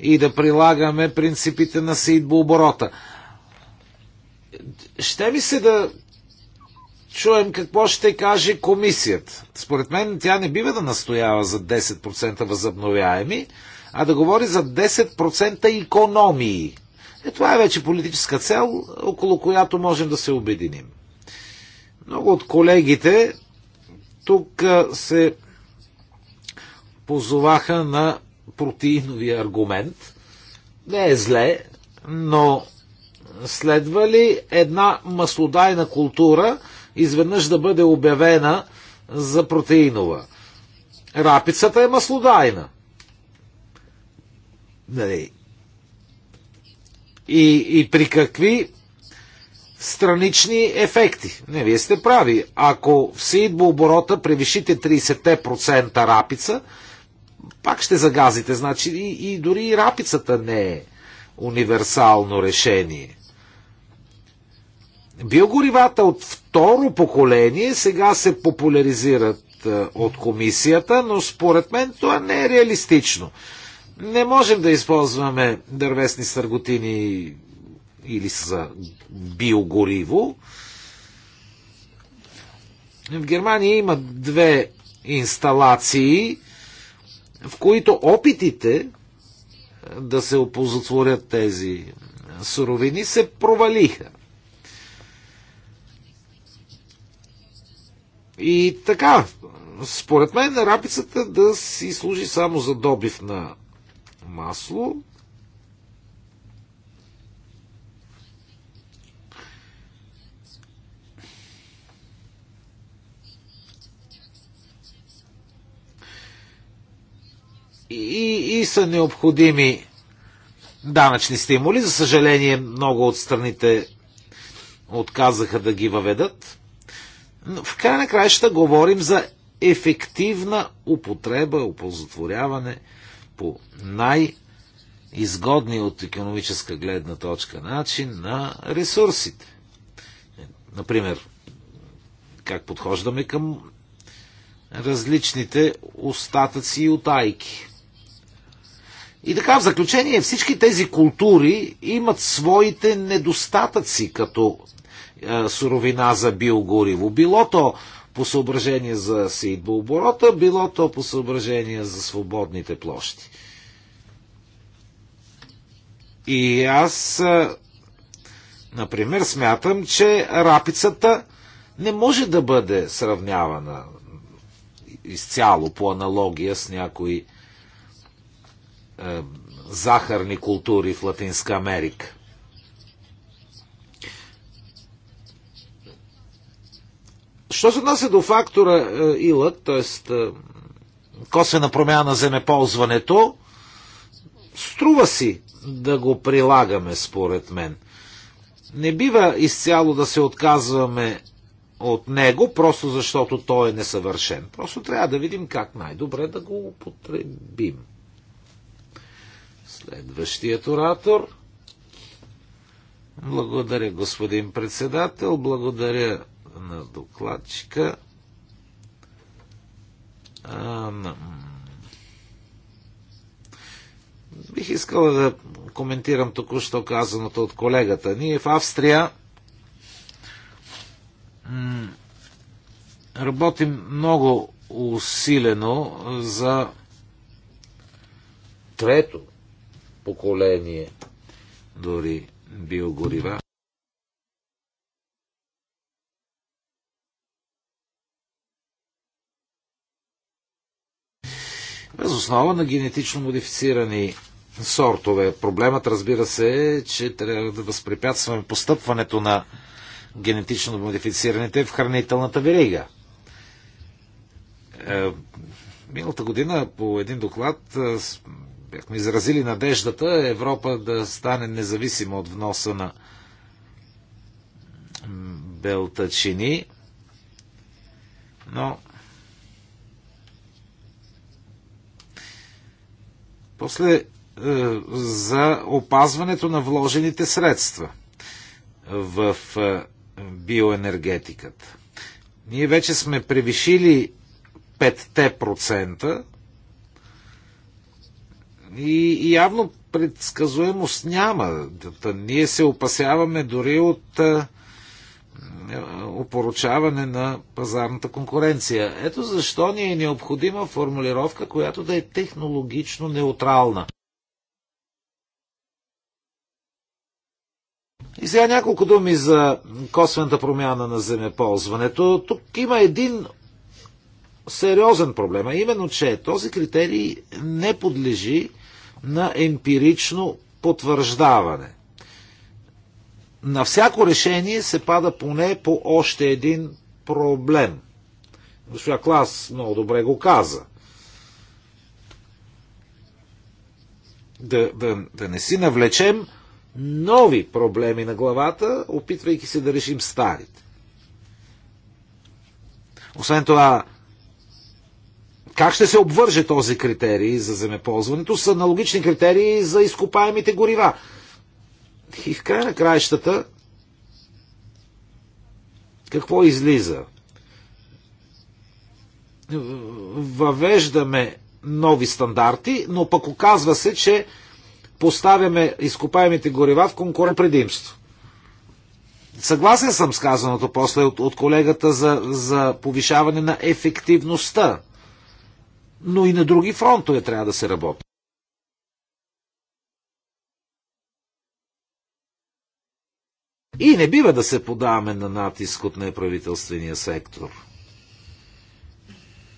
и да прилагаме принципите на оборота. Ще ми се да чуем какво ще каже комисията. Според мен тя не бива да настоява за 10% възобновяеми, а да говори за 10% економии. Е, това е вече политическа цел, около която можем да се обединим. Много от колегите тук се позоваха на протеиновия аргумент. Не е зле, но следва ли една маслодайна култура изведнъж да бъде обявена за протеинова? Рапицата е маслодайна. Нали? И, и при какви странични ефекти. Не, вие сте прави. Ако в оборота превишите 30% рапица, пак ще загазите. Значи и, и дори и рапицата не е универсално решение. Биогоривата от второ поколение сега се популяризират е, от комисията, но според мен това не е реалистично. Не можем да използваме дървесни сърготини или за биогориво. В Германия има две инсталации, в които опитите е, да се опозотворят тези е, суровини се провалиха. И така, според мен рапицата да си служи само за добив на масло, и, и са необходими данъчни стимули. За съжаление, много от страните отказаха да ги въведат. Но в край на краища говорим за ефективна употреба, опозотворяване по най- изгодни от економическа гледна точка начин на ресурсите. Например, как подхождаме към различните остатъци и отайки. И така, в заключение, всички тези култури имат своите недостатъци като е, суровина за биогориво. Било то по съображение за сейдбооборота, било то по съображение за свободните площи. И аз, е, например, смятам, че рапицата не може да бъде сравнявана изцяло по аналогия с някои е, захарни култури в Латинска Америка. Що се отнася до фактора е, илът, т.е. косвена промяна на земеползването, струва си да го прилагаме, според мен. Не бива изцяло да се отказваме от него, просто защото той е несъвършен. Просто трябва да видим как най-добре да го употребим. Следващият оратор. Благодаря, господин председател. Благодаря на докладчика. А, на... Бих искал да коментирам току-що казаното от колегата. Ние в Австрия работим много усилено за трето поколение дори биогорива. Без основа на генетично модифицирани сортове. Проблемът, разбира се, е, че трябва да възпрепятстваме постъпването на генетично модифицираните в хранителната верига. Е, миналата година по един доклад бяхме изразили надеждата Европа да стане независима от вноса на белтачини, но после е, за опазването на вложените средства в е, биоенергетиката. Ние вече сме превишили 5% и явно предсказуемост няма. Ние се опасяваме дори от опоручаване на пазарната конкуренция. Ето защо ни е необходима формулировка, която да е технологично неутрална. И сега няколко думи за косвената промяна на земеползването. Тук има един сериозен проблем, а именно, че този критерий не подлежи на емпирично потвърждаване. На всяко решение се пада поне по още един проблем. Госпожа Клас много добре го каза. Да, да, да не си навлечем нови проблеми на главата, опитвайки се да решим старите. Освен това, как ще се обвърже този критерий за земеползването с аналогични критерии за изкопаемите горива? И в края на краищата, какво излиза? Въвеждаме нови стандарти, но пък оказва се, че поставяме изкопаемите горива в конкурент предимство. Съгласен съм с казаното после от, от колегата за, за повишаване на ефективността но и на други фронтове трябва да се работи. И не бива да се подаваме на натиск от неправителствения сектор.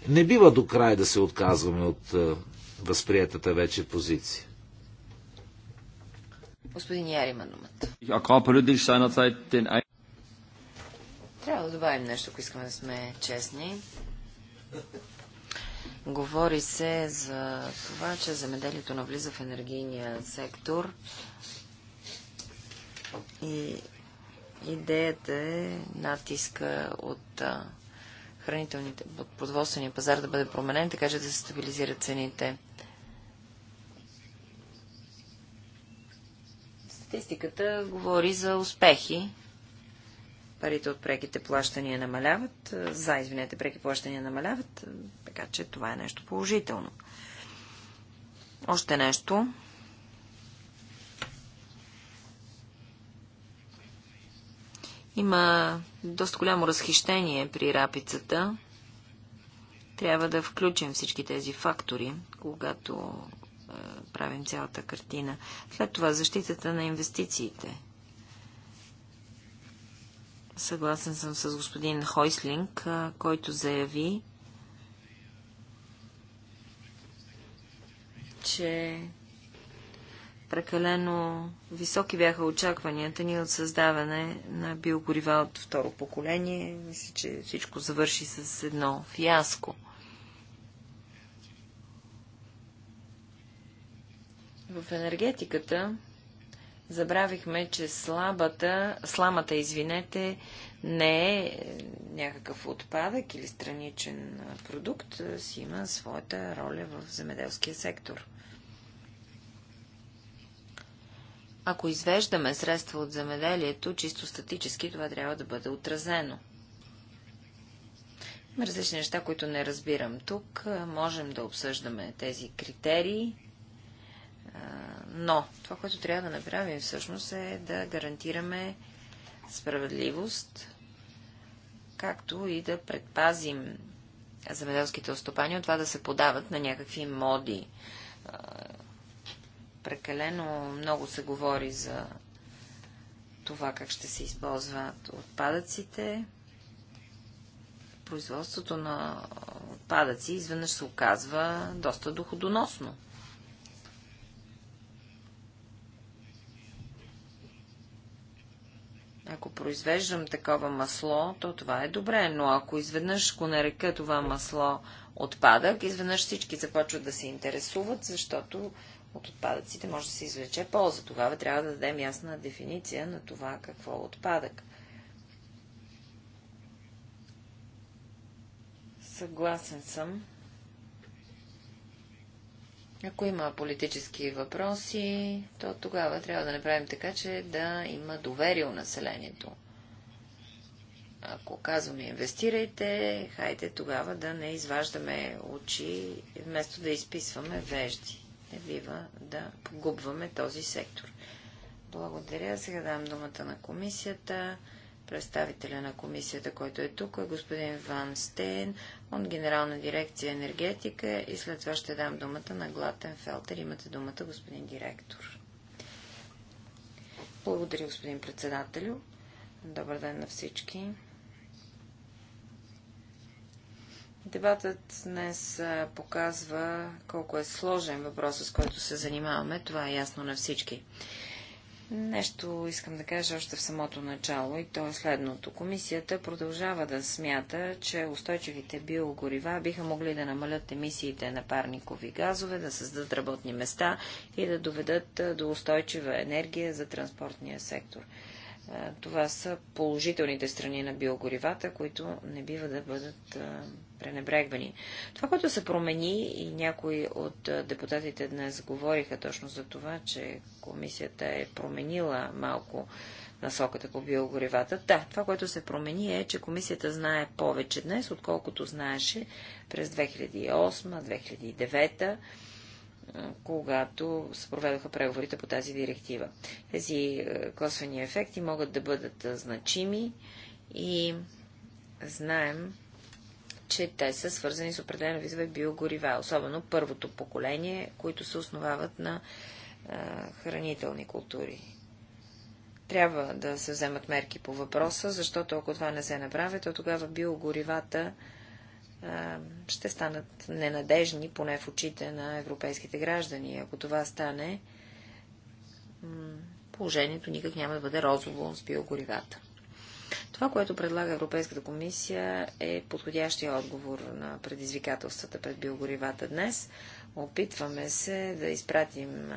Не бива до край да се отказваме от е, възприятата вече позиция. Господин Ярима думата. Трябва да добавим нещо, ако искаме да сме честни. Говори се за това, че земеделието навлиза в енергийния сектор и идеята е натиска от хранителните, от продоволствения пазар да бъде променен, така че да се стабилизират цените. Статистиката говори за успехи парите от преките плащания намаляват, е, за, извинете, преки плащания намаляват, е, така че това е нещо положително. Още нещо. Има доста голямо разхищение при рапицата. Трябва да включим всички тези фактори, когато е, правим цялата картина. След това защитата на инвестициите – Съгласен съм с господин Хойслинг, който заяви, че прекалено високи бяха очакванията ни от създаване на биогорива от второ поколение. Мисля, че всичко завърши с едно фиаско. В енергетиката Забравихме, че слабата, сламата, извинете, не е някакъв отпадък или страничен продукт, си има своята роля в земеделския сектор. Ако извеждаме средства от земеделието, чисто статически това трябва да бъде отразено. Има различни неща, които не разбирам тук. Можем да обсъждаме тези критерии, но това, което трябва да направим всъщност е да гарантираме справедливост, както и да предпазим земеделските остопани от това да се подават на някакви моди. Прекалено много се говори за това как ще се използват отпадъците. Производството на отпадъци изведнъж се оказва доста доходоносно. Ако произвеждам такова масло, то това е добре, но ако изведнъж го нарека това масло отпадък, изведнъж всички започват да се интересуват, защото от отпадъците може да се извлече полза. Тогава трябва да дадем ясна дефиниция на това какво е отпадък. Съгласен съм ако има политически въпроси, то тогава трябва да направим така, че да има доверие у населението. Ако казваме инвестирайте, хайде тогава да не изваждаме очи, вместо да изписваме вежди. Не бива да погубваме този сектор. Благодаря. Сега дам думата на комисията представителя на комисията, който е тук, е господин Ван Стейн от Генерална дирекция енергетика и след това ще дам думата на Глатен Фелтер. Имате думата, господин директор. Благодаря, господин председателю. Добър ден на всички. Дебатът днес показва колко е сложен въпросът, с който се занимаваме. Това е ясно на всички. Нещо искам да кажа още в самото начало и то е следното. Комисията продължава да смята, че устойчивите биогорива биха могли да намалят емисиите на парникови газове, да създадат работни места и да доведат до устойчива енергия за транспортния сектор. Това са положителните страни на биогоривата, които не бива да бъдат пренебрегвани. Това, което се промени и някои от депутатите днес говориха точно за това, че комисията е променила малко насоката по биогоривата. Да, това, което се промени е, че комисията знае повече днес, отколкото знаеше през 2008-2009 когато се проведоха преговорите по тази директива. Тези косвени ефекти могат да бъдат значими и знаем, че те са свързани с определен визове биогорива, особено първото поколение, които се основават на а, хранителни култури. Трябва да се вземат мерки по въпроса, защото ако това не се направи, то тогава биогоривата а, ще станат ненадежни, поне в очите на европейските граждани. Ако това стане, положението никак няма да бъде розово с биогоривата. Това, което предлага Европейската комисия е подходящия отговор на предизвикателствата пред биогоривата днес. Опитваме се да изпратим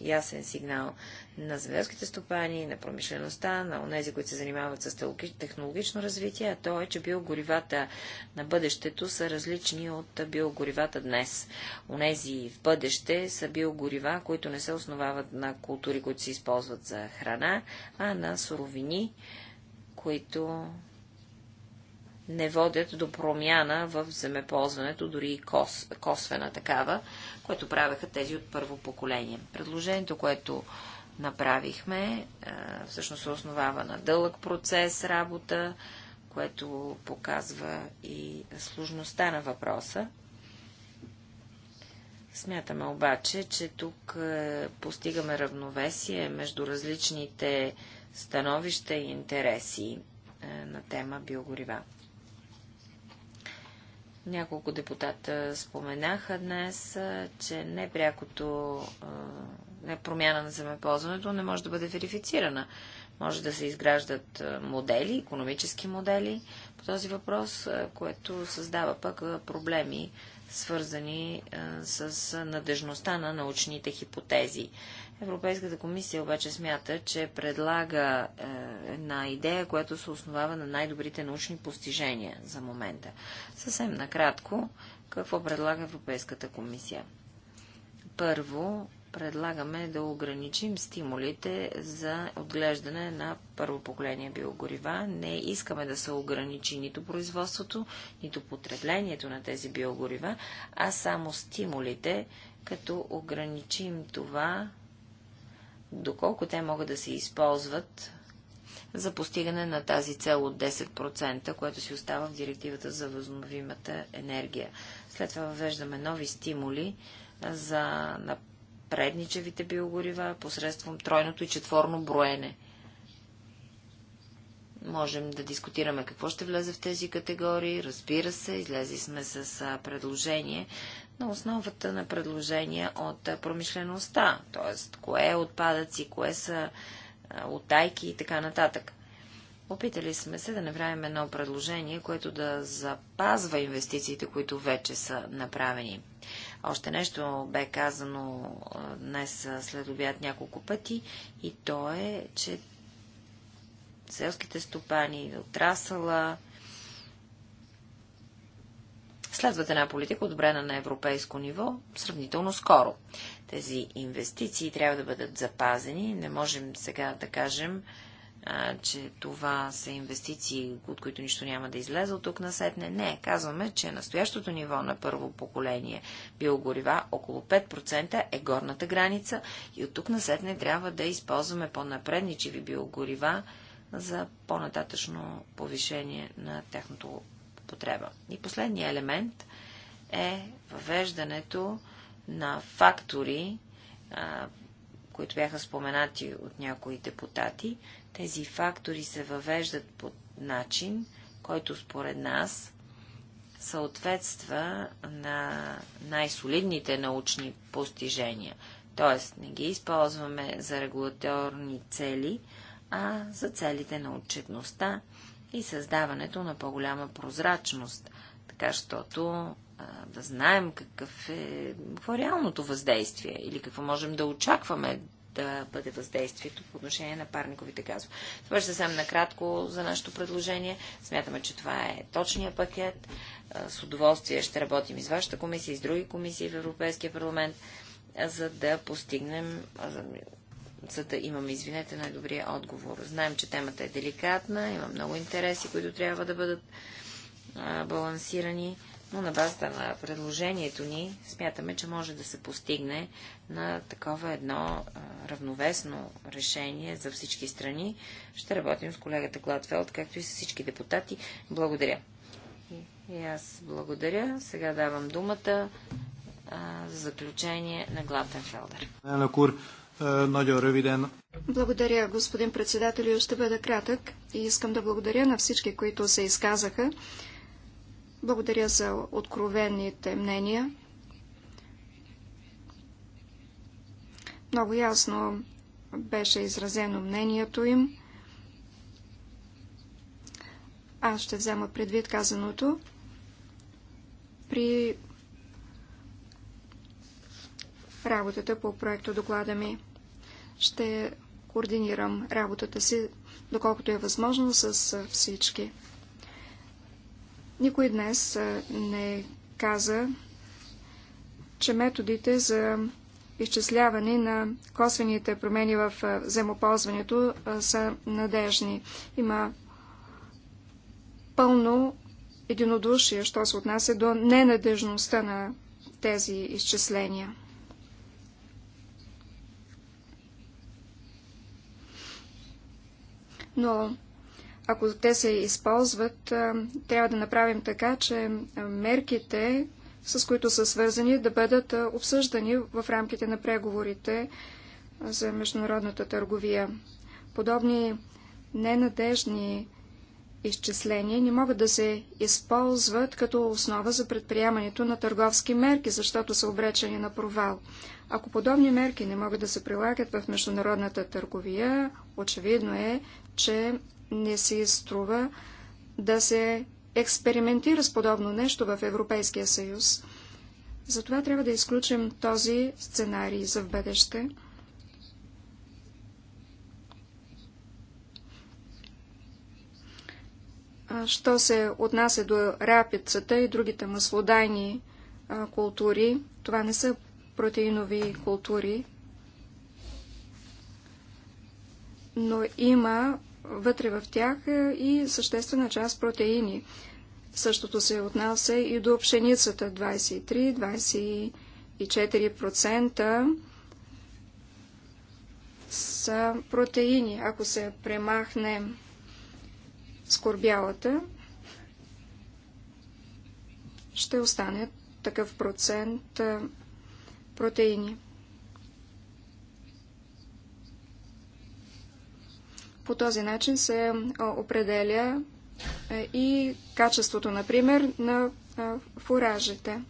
ясен сигнал на земеделските стопани, на промишлеността, на онези, които се занимават с технологично развитие, а то е, че биогоривата на бъдещето са различни от биогоривата днес. Онези в бъдеще са биогорива, които не се основават на култури, които се използват за храна, а на суровини, които не водят до промяна в земеползването, дори и кос, косвена такава, което правеха тези от първо поколение. Предложението, което направихме, е, всъщност се основава на дълъг процес работа, което показва и сложността на въпроса. Смятаме обаче, че тук е, постигаме равновесие между различните становища и интереси е, на тема биогорива. Няколко депутата споменаха днес, е, че непрякото е, не промяна на земеползването не може да бъде верифицирана. Може да се изграждат модели, економически модели по този въпрос, което създава пък проблеми, свързани с надежността на научните хипотези. Европейската комисия обаче смята, че предлага е, една идея, която се основава на най-добрите научни постижения за момента. Съвсем накратко, какво предлага Европейската комисия? Първо, предлагаме да ограничим стимулите за отглеждане на първо поколение биогорива. Не искаме да се ограничи нито производството, нито потреблението на тези биогорива, а само стимулите, като ограничим това доколко те могат да се използват за постигане на тази цел от 10%, което си остава в директивата за възобновимата енергия. След това въвеждаме нови стимули за напредничевите биогорива посредством тройното и четворно броене. Можем да дискутираме какво ще влезе в тези категории. Разбира се, излезли сме с предложение на основата на предложения от промишлеността, т.е. кое е отпадъци, кое са отайки и така нататък. Опитали сме се да направим едно предложение, което да запазва инвестициите, които вече са направени. Още нещо бе казано днес след обяд няколко пъти и то е, че селските стопани, отрасъла, следват една политика, одобрена на европейско ниво, сравнително скоро. Тези инвестиции трябва да бъдат запазени. Не можем сега да кажем, а, че това са инвестиции, от които нищо няма да излезе от тук на сетне. Не, казваме, че настоящото ниво на първо поколение биогорива около 5% е горната граница и от тук на сетне трябва да използваме по-напредничеви биогорива за по-нататъчно повишение на тяхното употреба. И последният елемент е въвеждането на фактори, а, които бяха споменати от някои депутати. Тези фактори се въвеждат по начин, който според нас съответства на най-солидните научни постижения. Тоест, не ги използваме за регулаторни цели, а за целите на отчетността и създаването на по-голяма прозрачност, така щото да знаем какъв е, какво е реалното въздействие или какво можем да очакваме да бъде въздействието по отношение на парниковите газове. Това ще съвсем накратко за нашето предложение. Смятаме, че това е точния пакет. С удоволствие ще работим и с вашата комисия, и с други комисии в Европейския парламент, за да постигнем за да имаме, извинете, най-добрия отговор. Знаем, че темата е деликатна, има много интереси, които трябва да бъдат а, балансирани, но на базата на предложението ни смятаме, че може да се постигне на такова едно а, равновесно решение за всички страни. Ще работим с колегата Гладфелд, както и с всички депутати. Благодаря. И аз благодаря. Сега давам думата а, за заключение на Гладенфелдер. Е, благодаря, господин председател. и Ще бъда кратък и искам да благодаря на всички, които се изказаха. Благодаря за откровените мнения. Много ясно беше изразено мнението им. Аз ще взема предвид казаното. При работата по проекто доклада ми ще координирам работата си, доколкото е възможно, с всички. Никой днес не каза, че методите за изчисляване на косвените промени в вземоползването са надежни. Има пълно единодушие, що се отнася до ненадежността на тези изчисления. но ако те се използват, трябва да направим така, че мерките, с които са свързани, да бъдат обсъждани в рамките на преговорите за международната търговия. Подобни ненадежни изчисления не могат да се използват като основа за предприемането на търговски мерки, защото са обречени на провал. Ако подобни мерки не могат да се прилагат в международната търговия, очевидно е, че не си струва да се експериментира с подобно нещо в Европейския съюз. Затова трябва да изключим този сценарий за в бъдеще. Що се отнася до рапицата и другите маслодайни култури, това не са протеинови култури, но има вътре в тях е, и съществена част протеини. Същото се отнася и до пшеницата 23-24% са протеини. Ако се премахне скорбялата, ще остане такъв процент е, протеини. По този начин се определя и качеството, например, на фуражите.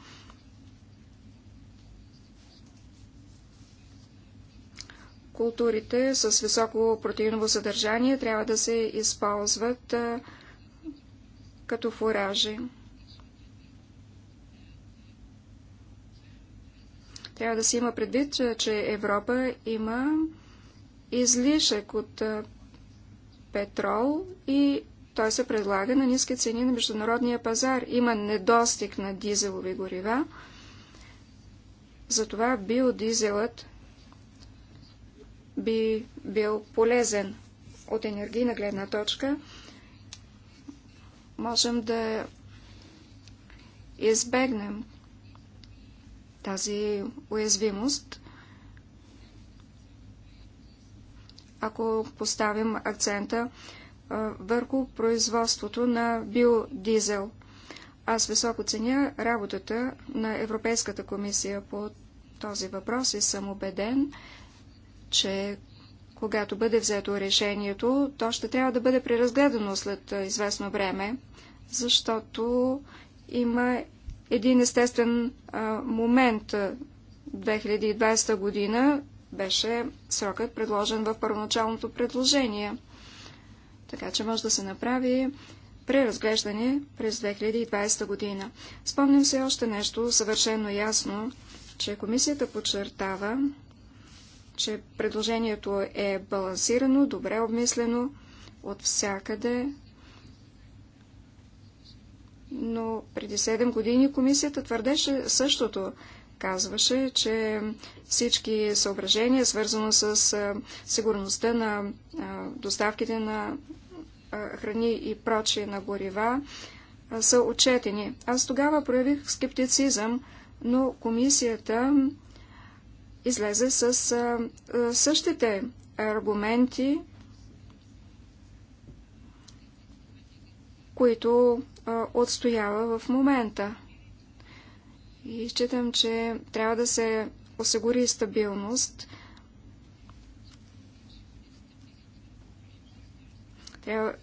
Културите с високо протеиново съдържание трябва да се използват като фуражи. Трябва да се има предвид, че Европа има излишък от петрол и той се предлага на ниски цени на международния пазар. Има недостиг на дизелови горива. Затова биодизелът би бил полезен от енергийна гледна точка. Можем да избегнем тази уязвимост ако поставим акцента върху производството на биодизел. Аз високо ценя работата на Европейската комисия по този въпрос и съм убеден, че когато бъде взето решението, то ще трябва да бъде преразгледано след известно време, защото има един естествен момент 2020 година беше срокът предложен в първоначалното предложение. Така че може да се направи преразглеждане през 2020 година. Спомням се още нещо съвършено ясно, че комисията подчертава, че предложението е балансирано, добре обмислено от всякъде, но преди 7 години комисията твърдеше същото, казваше, че всички съображения, свързано с сигурността на доставките на храни и прочие на горива, са отчетени. Аз тогава проявих скептицизъм, но комисията излезе с същите аргументи, които отстоява в момента. И считам, че трябва да се осигури стабилност. Трябва,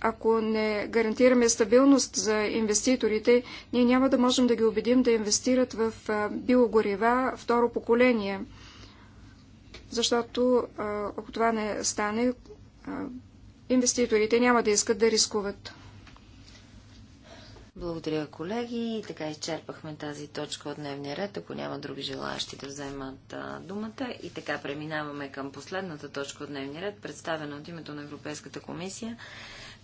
ако не гарантираме стабилност за инвеститорите, ние няма да можем да ги убедим да инвестират в биогорива второ поколение. Защото ако това не стане, инвеститорите няма да искат да рискуват. Благодаря, колеги. така изчерпахме тази точка от дневния ред. Ако няма други желаящи да вземат а, думата. И така преминаваме към последната точка от дневния ред, представена от името на Европейската комисия.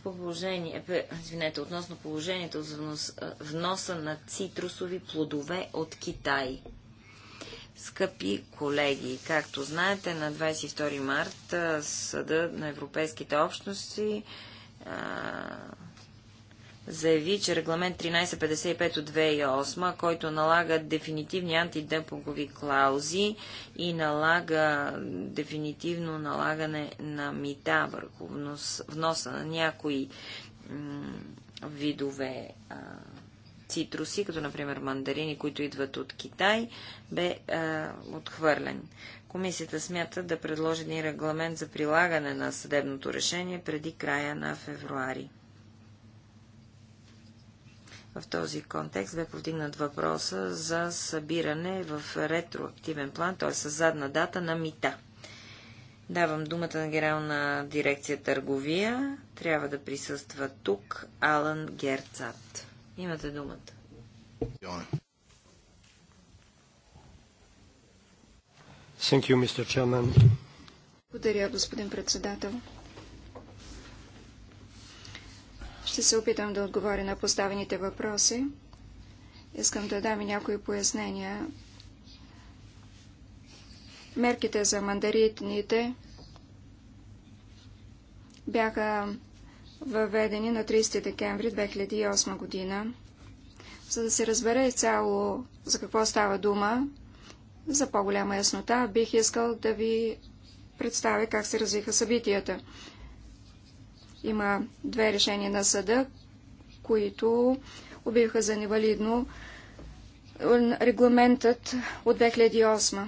По положение, е, извинете, относно положението за внос, вноса на цитрусови плодове от Китай. Скъпи колеги, както знаете, на 22 март Съда на Европейските общности а, заяви, че регламент 1355 от 2008, който налага дефинитивни антидемпингови клаузи и налага дефинитивно налагане на мита върху внос, вноса на някои видове а, цитруси, като например мандарини, които идват от Китай, бе а, отхвърлен. Комисията смята да предложи един регламент за прилагане на съдебното решение преди края на февруари. В този контекст бе повдигнат въпроса за събиране в ретроактивен план, т.е. с задна дата на мита. Давам думата на генерална дирекция търговия. Трябва да присъства тук Алан Герцат. Имате думата. Thank you, Mr. Chairman. Благодаря, господин председател. Ще се опитам да отговоря на поставените въпроси. Искам да дам и някои пояснения. Мерките за мандаритните бяха въведени на 30 декември 2008 година. За да се разбере изцяло за какво става дума, за по-голяма яснота, бих искал да ви представя как се развиха събитията. Има две решения на съда, които обявиха за невалидно регламентът от 2008.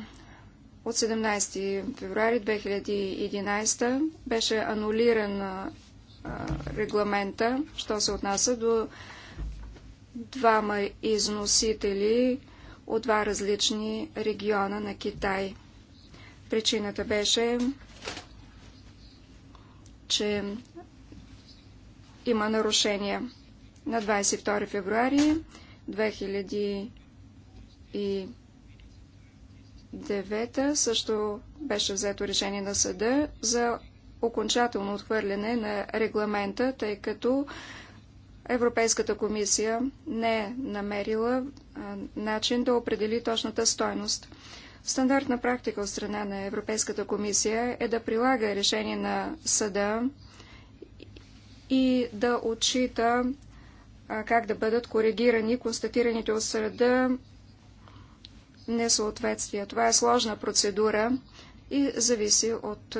От 17 февруари 2011 беше анулиран регламента, що се отнася до двама износители от два различни региона на Китай. Причината беше, че има нарушения. На 22 февруари 2009 също беше взето решение на съда за окончателно отхвърляне на регламента, тъй като Европейската комисия не е намерила начин да определи точната стойност. Стандартна практика от страна на Европейската комисия е да прилага решение на съда и да отчита как да бъдат коригирани констатираните от съда несъответствия. Това е сложна процедура и зависи от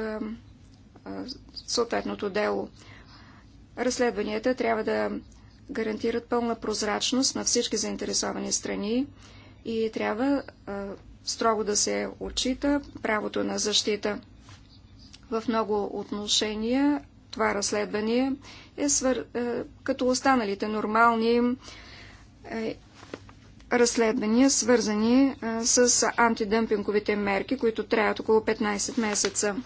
съответното дело. Разследванията трябва да гарантират пълна прозрачност на всички заинтересовани страни и трябва строго да се отчита правото на защита. В много отношения това разследване е свър... Е, като останалите нормални е, разследвания, свързани е, с антидъмпинговите мерки, които траят около 15 месеца.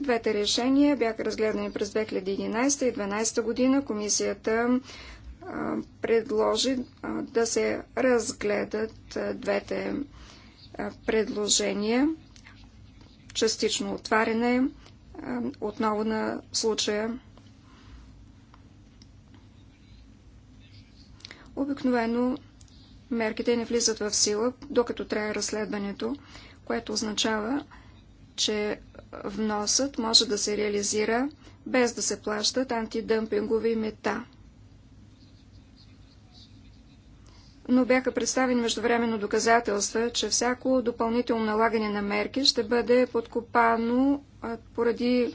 Двете решения бяха разгледани през 2011 и 2012 година. Комисията предложи да се разгледат двете предложения частично отваряне отново на случая. Обикновено мерките не влизат в сила, докато трябва разследването, което означава, че вносът може да се реализира без да се плащат антидъмпингови мета. но бяха представени междувременно доказателства, че всяко допълнително налагане на мерки ще бъде подкопано поради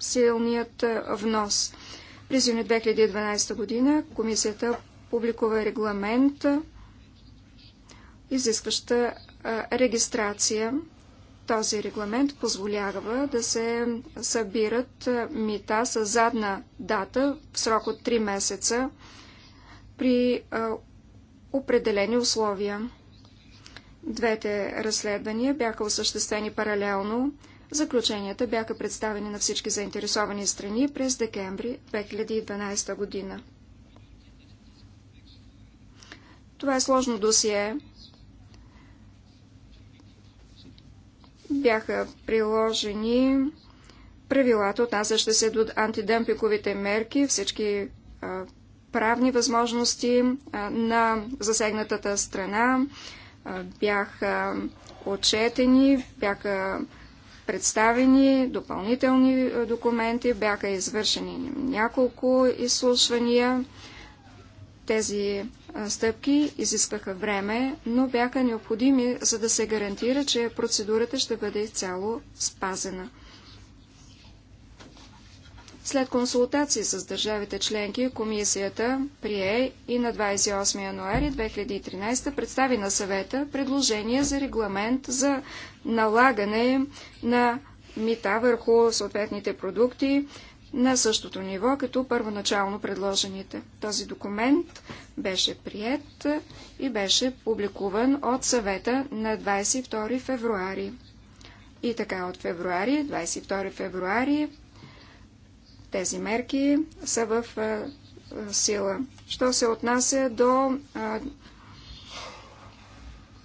силният внос. През юни 2012 година комисията публикува регламент, изискваща регистрация. Този регламент позволява да се събират мита с задна дата в срок от 3 месеца при определени условия. Двете разследвания бяха осъществени паралелно. Заключенията бяха представени на всички заинтересовани страни през декември 2012 година. Това е сложно досие. Бяха приложени правилата, отнасящи се до антидемпиковите мерки. Всички а, правни възможности на засегнатата страна бяха отчетени, бяха представени допълнителни документи, бяха извършени няколко изслушвания. Тези стъпки изискваха време, но бяха необходими, за да се гарантира, че процедурата ще бъде цяло спазена. След консултации с държавите членки, комисията прие и на 28 януари 2013 представи на съвета предложение за регламент за налагане на мита върху съответните продукти на същото ниво, като първоначално предложените. Този документ беше прият и беше публикуван от съвета на 22 февруари. И така от февруари, 22 февруари, тези мерки са в сила. Що се отнася до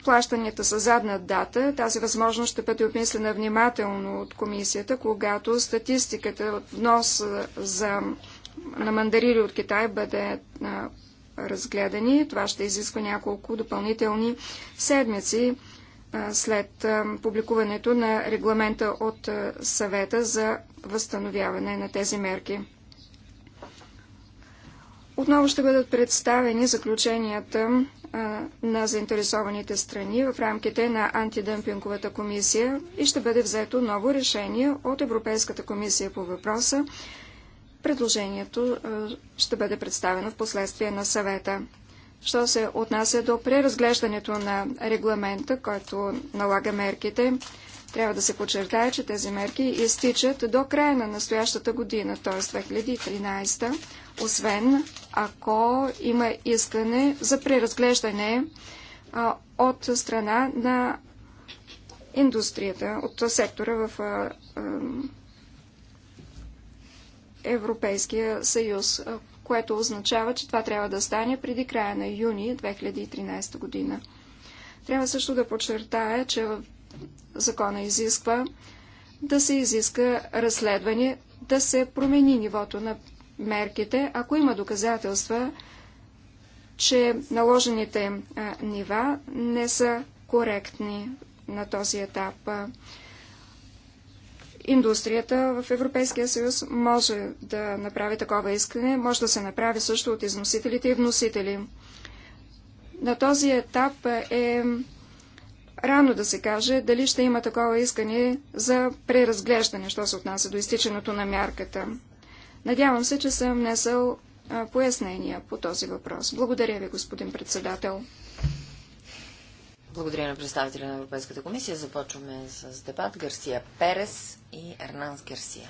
плащанията са задна дата. Тази възможност ще бъде обмислена внимателно от комисията, когато статистиката от внос за, на мандарили от Китай бъде а, разгледани. Това ще изисква няколко допълнителни седмици след публикуването на регламента от съвета за възстановяване на тези мерки. Отново ще бъдат представени заключенията на заинтересованите страни в рамките на антидъмпинговата комисия и ще бъде взето ново решение от Европейската комисия по въпроса. Предложението ще бъде представено в последствие на съвета. Що се отнася до преразглеждането на регламента, който налага мерките, трябва да се подчертая, че тези мерки изтичат до края на настоящата година, т.е. 2013, освен ако има искане за преразглеждане а, от страна на индустрията, от сектора в а, а, Европейския съюз, което означава, че това трябва да стане преди края на юни 2013 година. Трябва също да подчертая, че закона изисква да се изиска разследване, да се промени нивото на мерките, ако има доказателства, че наложените нива не са коректни на този етап индустрията в Европейския съюз може да направи такова искане, може да се направи също от износителите и вносители. На този етап е рано да се каже дали ще има такова искане за преразглеждане, що се отнася до изтичането на мярката. Надявам се, че съм внесъл пояснения по този въпрос. Благодаря ви, господин председател. Благодаря на представителя на Европейската комисия. Започваме с дебат Гарсия Перес и Ернанс Гарсия.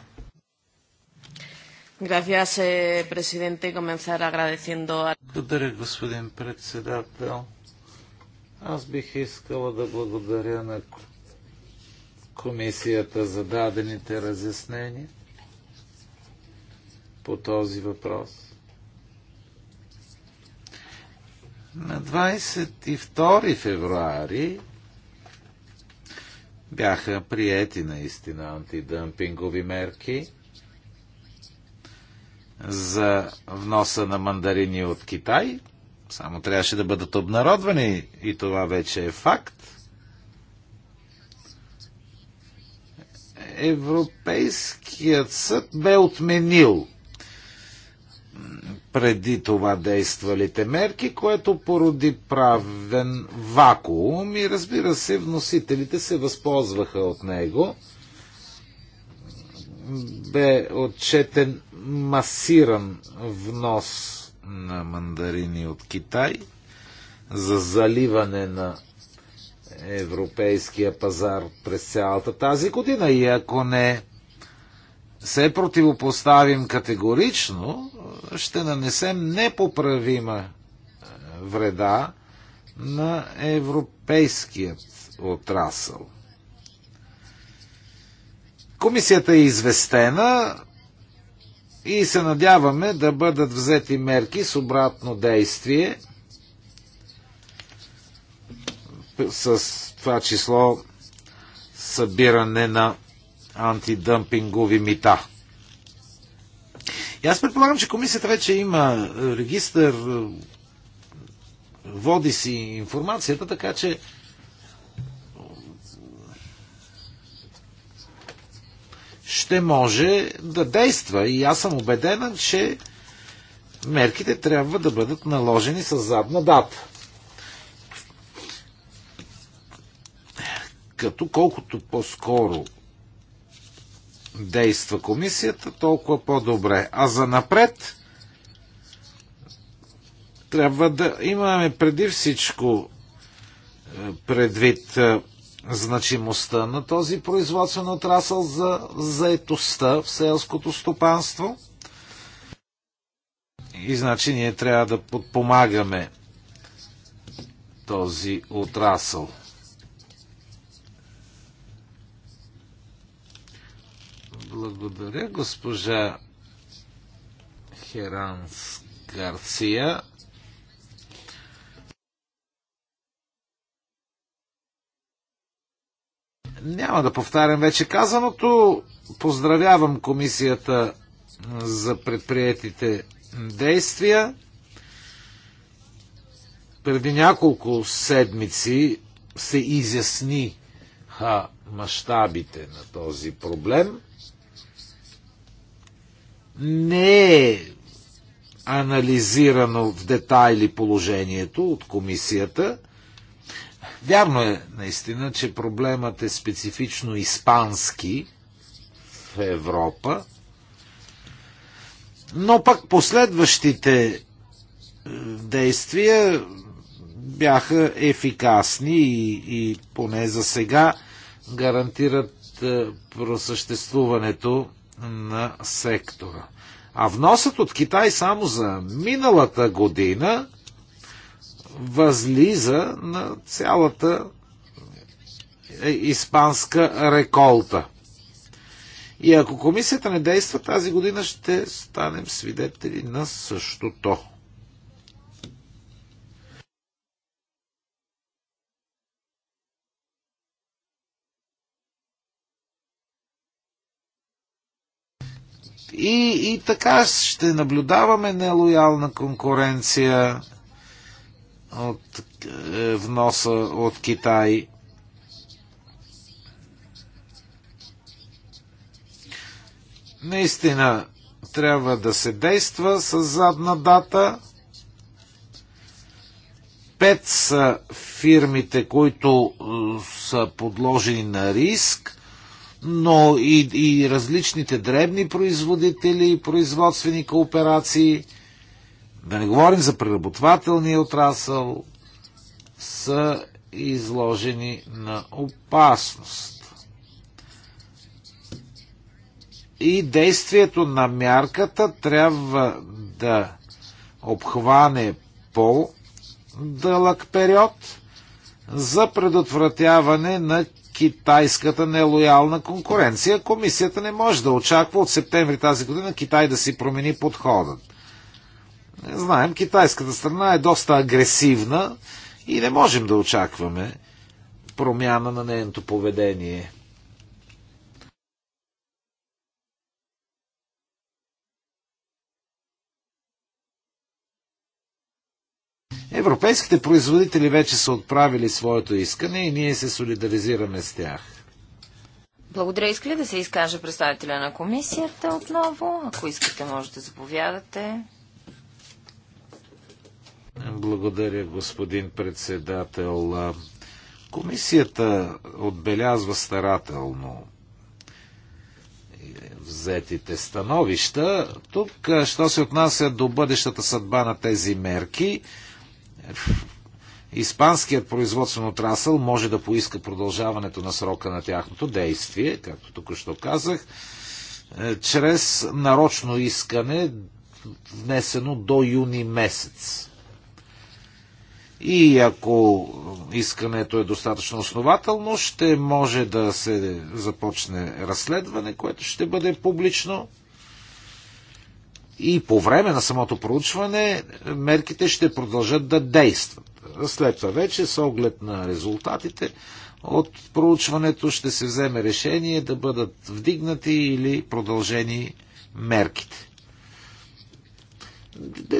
Gracias, eh, presidente. Comenzar agradeciendo a... Благодаря, господин председател. Аз бих искала да благодаря на комисията за дадените разяснения по този въпрос. На 22 февруари бяха приети наистина антидъмпингови мерки за вноса на мандарини от Китай. Само трябваше да бъдат обнародвани и това вече е факт. Европейският съд бе отменил преди това действалите мерки, което породи правен вакуум и разбира се, вносителите се възползваха от него. Бе отчетен масиран внос на мандарини от Китай за заливане на европейския пазар през цялата тази година. И ако не се противопоставим категорично ще нанесем непоправима е, вреда на европейският отрасъл. Комисията е известена и се надяваме да бъдат взети мерки с обратно действие с това число събиране на антидъмпингови мита. И аз предполагам, че комисията вече има е, регистър, е, води си информацията, така че е, ще може да действа. И аз съм убедена, че мерките трябва да бъдат наложени с задна дата. Като колкото по-скоро действа комисията, толкова по-добре. А за напред трябва да имаме преди всичко е, предвид е, значимостта на този производствен отрасъл за заетостта в селското стопанство. И значи ние трябва да подпомагаме този отрасъл. Благодаря, госпожа Херанс Гарция. Няма да повтарям вече казаното. Поздравявам комисията за предприятите действия. Преди няколко седмици се изясниха мащабите на този проблем не е анализирано в детайли положението от комисията. Вярно е наистина, че проблемът е специфично испански в Европа, но пък последващите е, действия бяха ефикасни и, и поне за сега гарантират е, просъществуването на сектора. А вносът от Китай само за миналата година възлиза на цялата е, испанска реколта. И ако комисията не действа тази година, ще станем свидетели на същото. И, и така ще наблюдаваме нелоялна конкуренция от е, вноса от Китай. Наистина трябва да се действа с задна дата. Пет са фирмите, които е, са подложени на риск но и, и различните дребни производители и производствени кооперации, да не говорим за преработвателния отрасъл, са изложени на опасност. И действието на мярката трябва да обхване по-дълъг период за предотвратяване на китайската нелоялна конкуренция. Комисията не може да очаква от септември тази година Китай да си промени подходът. Знаем, китайската страна е доста агресивна и не можем да очакваме промяна на нейното поведение. Европейските производители вече са отправили своето искане и ние се солидаризираме с тях. Благодаря. Иска ли да се изкаже представителя на комисията отново? Ако искате, можете да заповядате. Благодаря, господин председател. Комисията отбелязва старателно взетите становища. Тук, що се отнася до бъдещата съдба на тези мерки, Испанският производствен отрасъл може да поиска продължаването на срока на тяхното действие, както току-що казах, е, чрез нарочно искане, внесено до юни месец. И ако искането е достатъчно основателно, ще може да се започне разследване, което ще бъде публично и по време на самото проучване мерките ще продължат да действат. След това вече, с оглед на резултатите от проучването, ще се вземе решение да бъдат вдигнати или продължени мерките.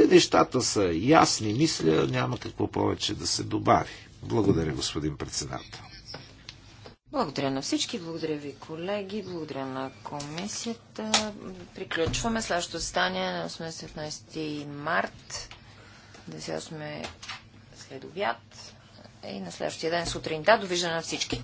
Нещата са ясни, мисля, няма какво повече да се добави. Благодаря, господин председател. Благодаря на всички, благодаря ви колеги, благодаря на комисията. Приключваме следващото стане на 18 март. Да сега сме след обяд и на следващия ден сутринта. Довиждане на всички.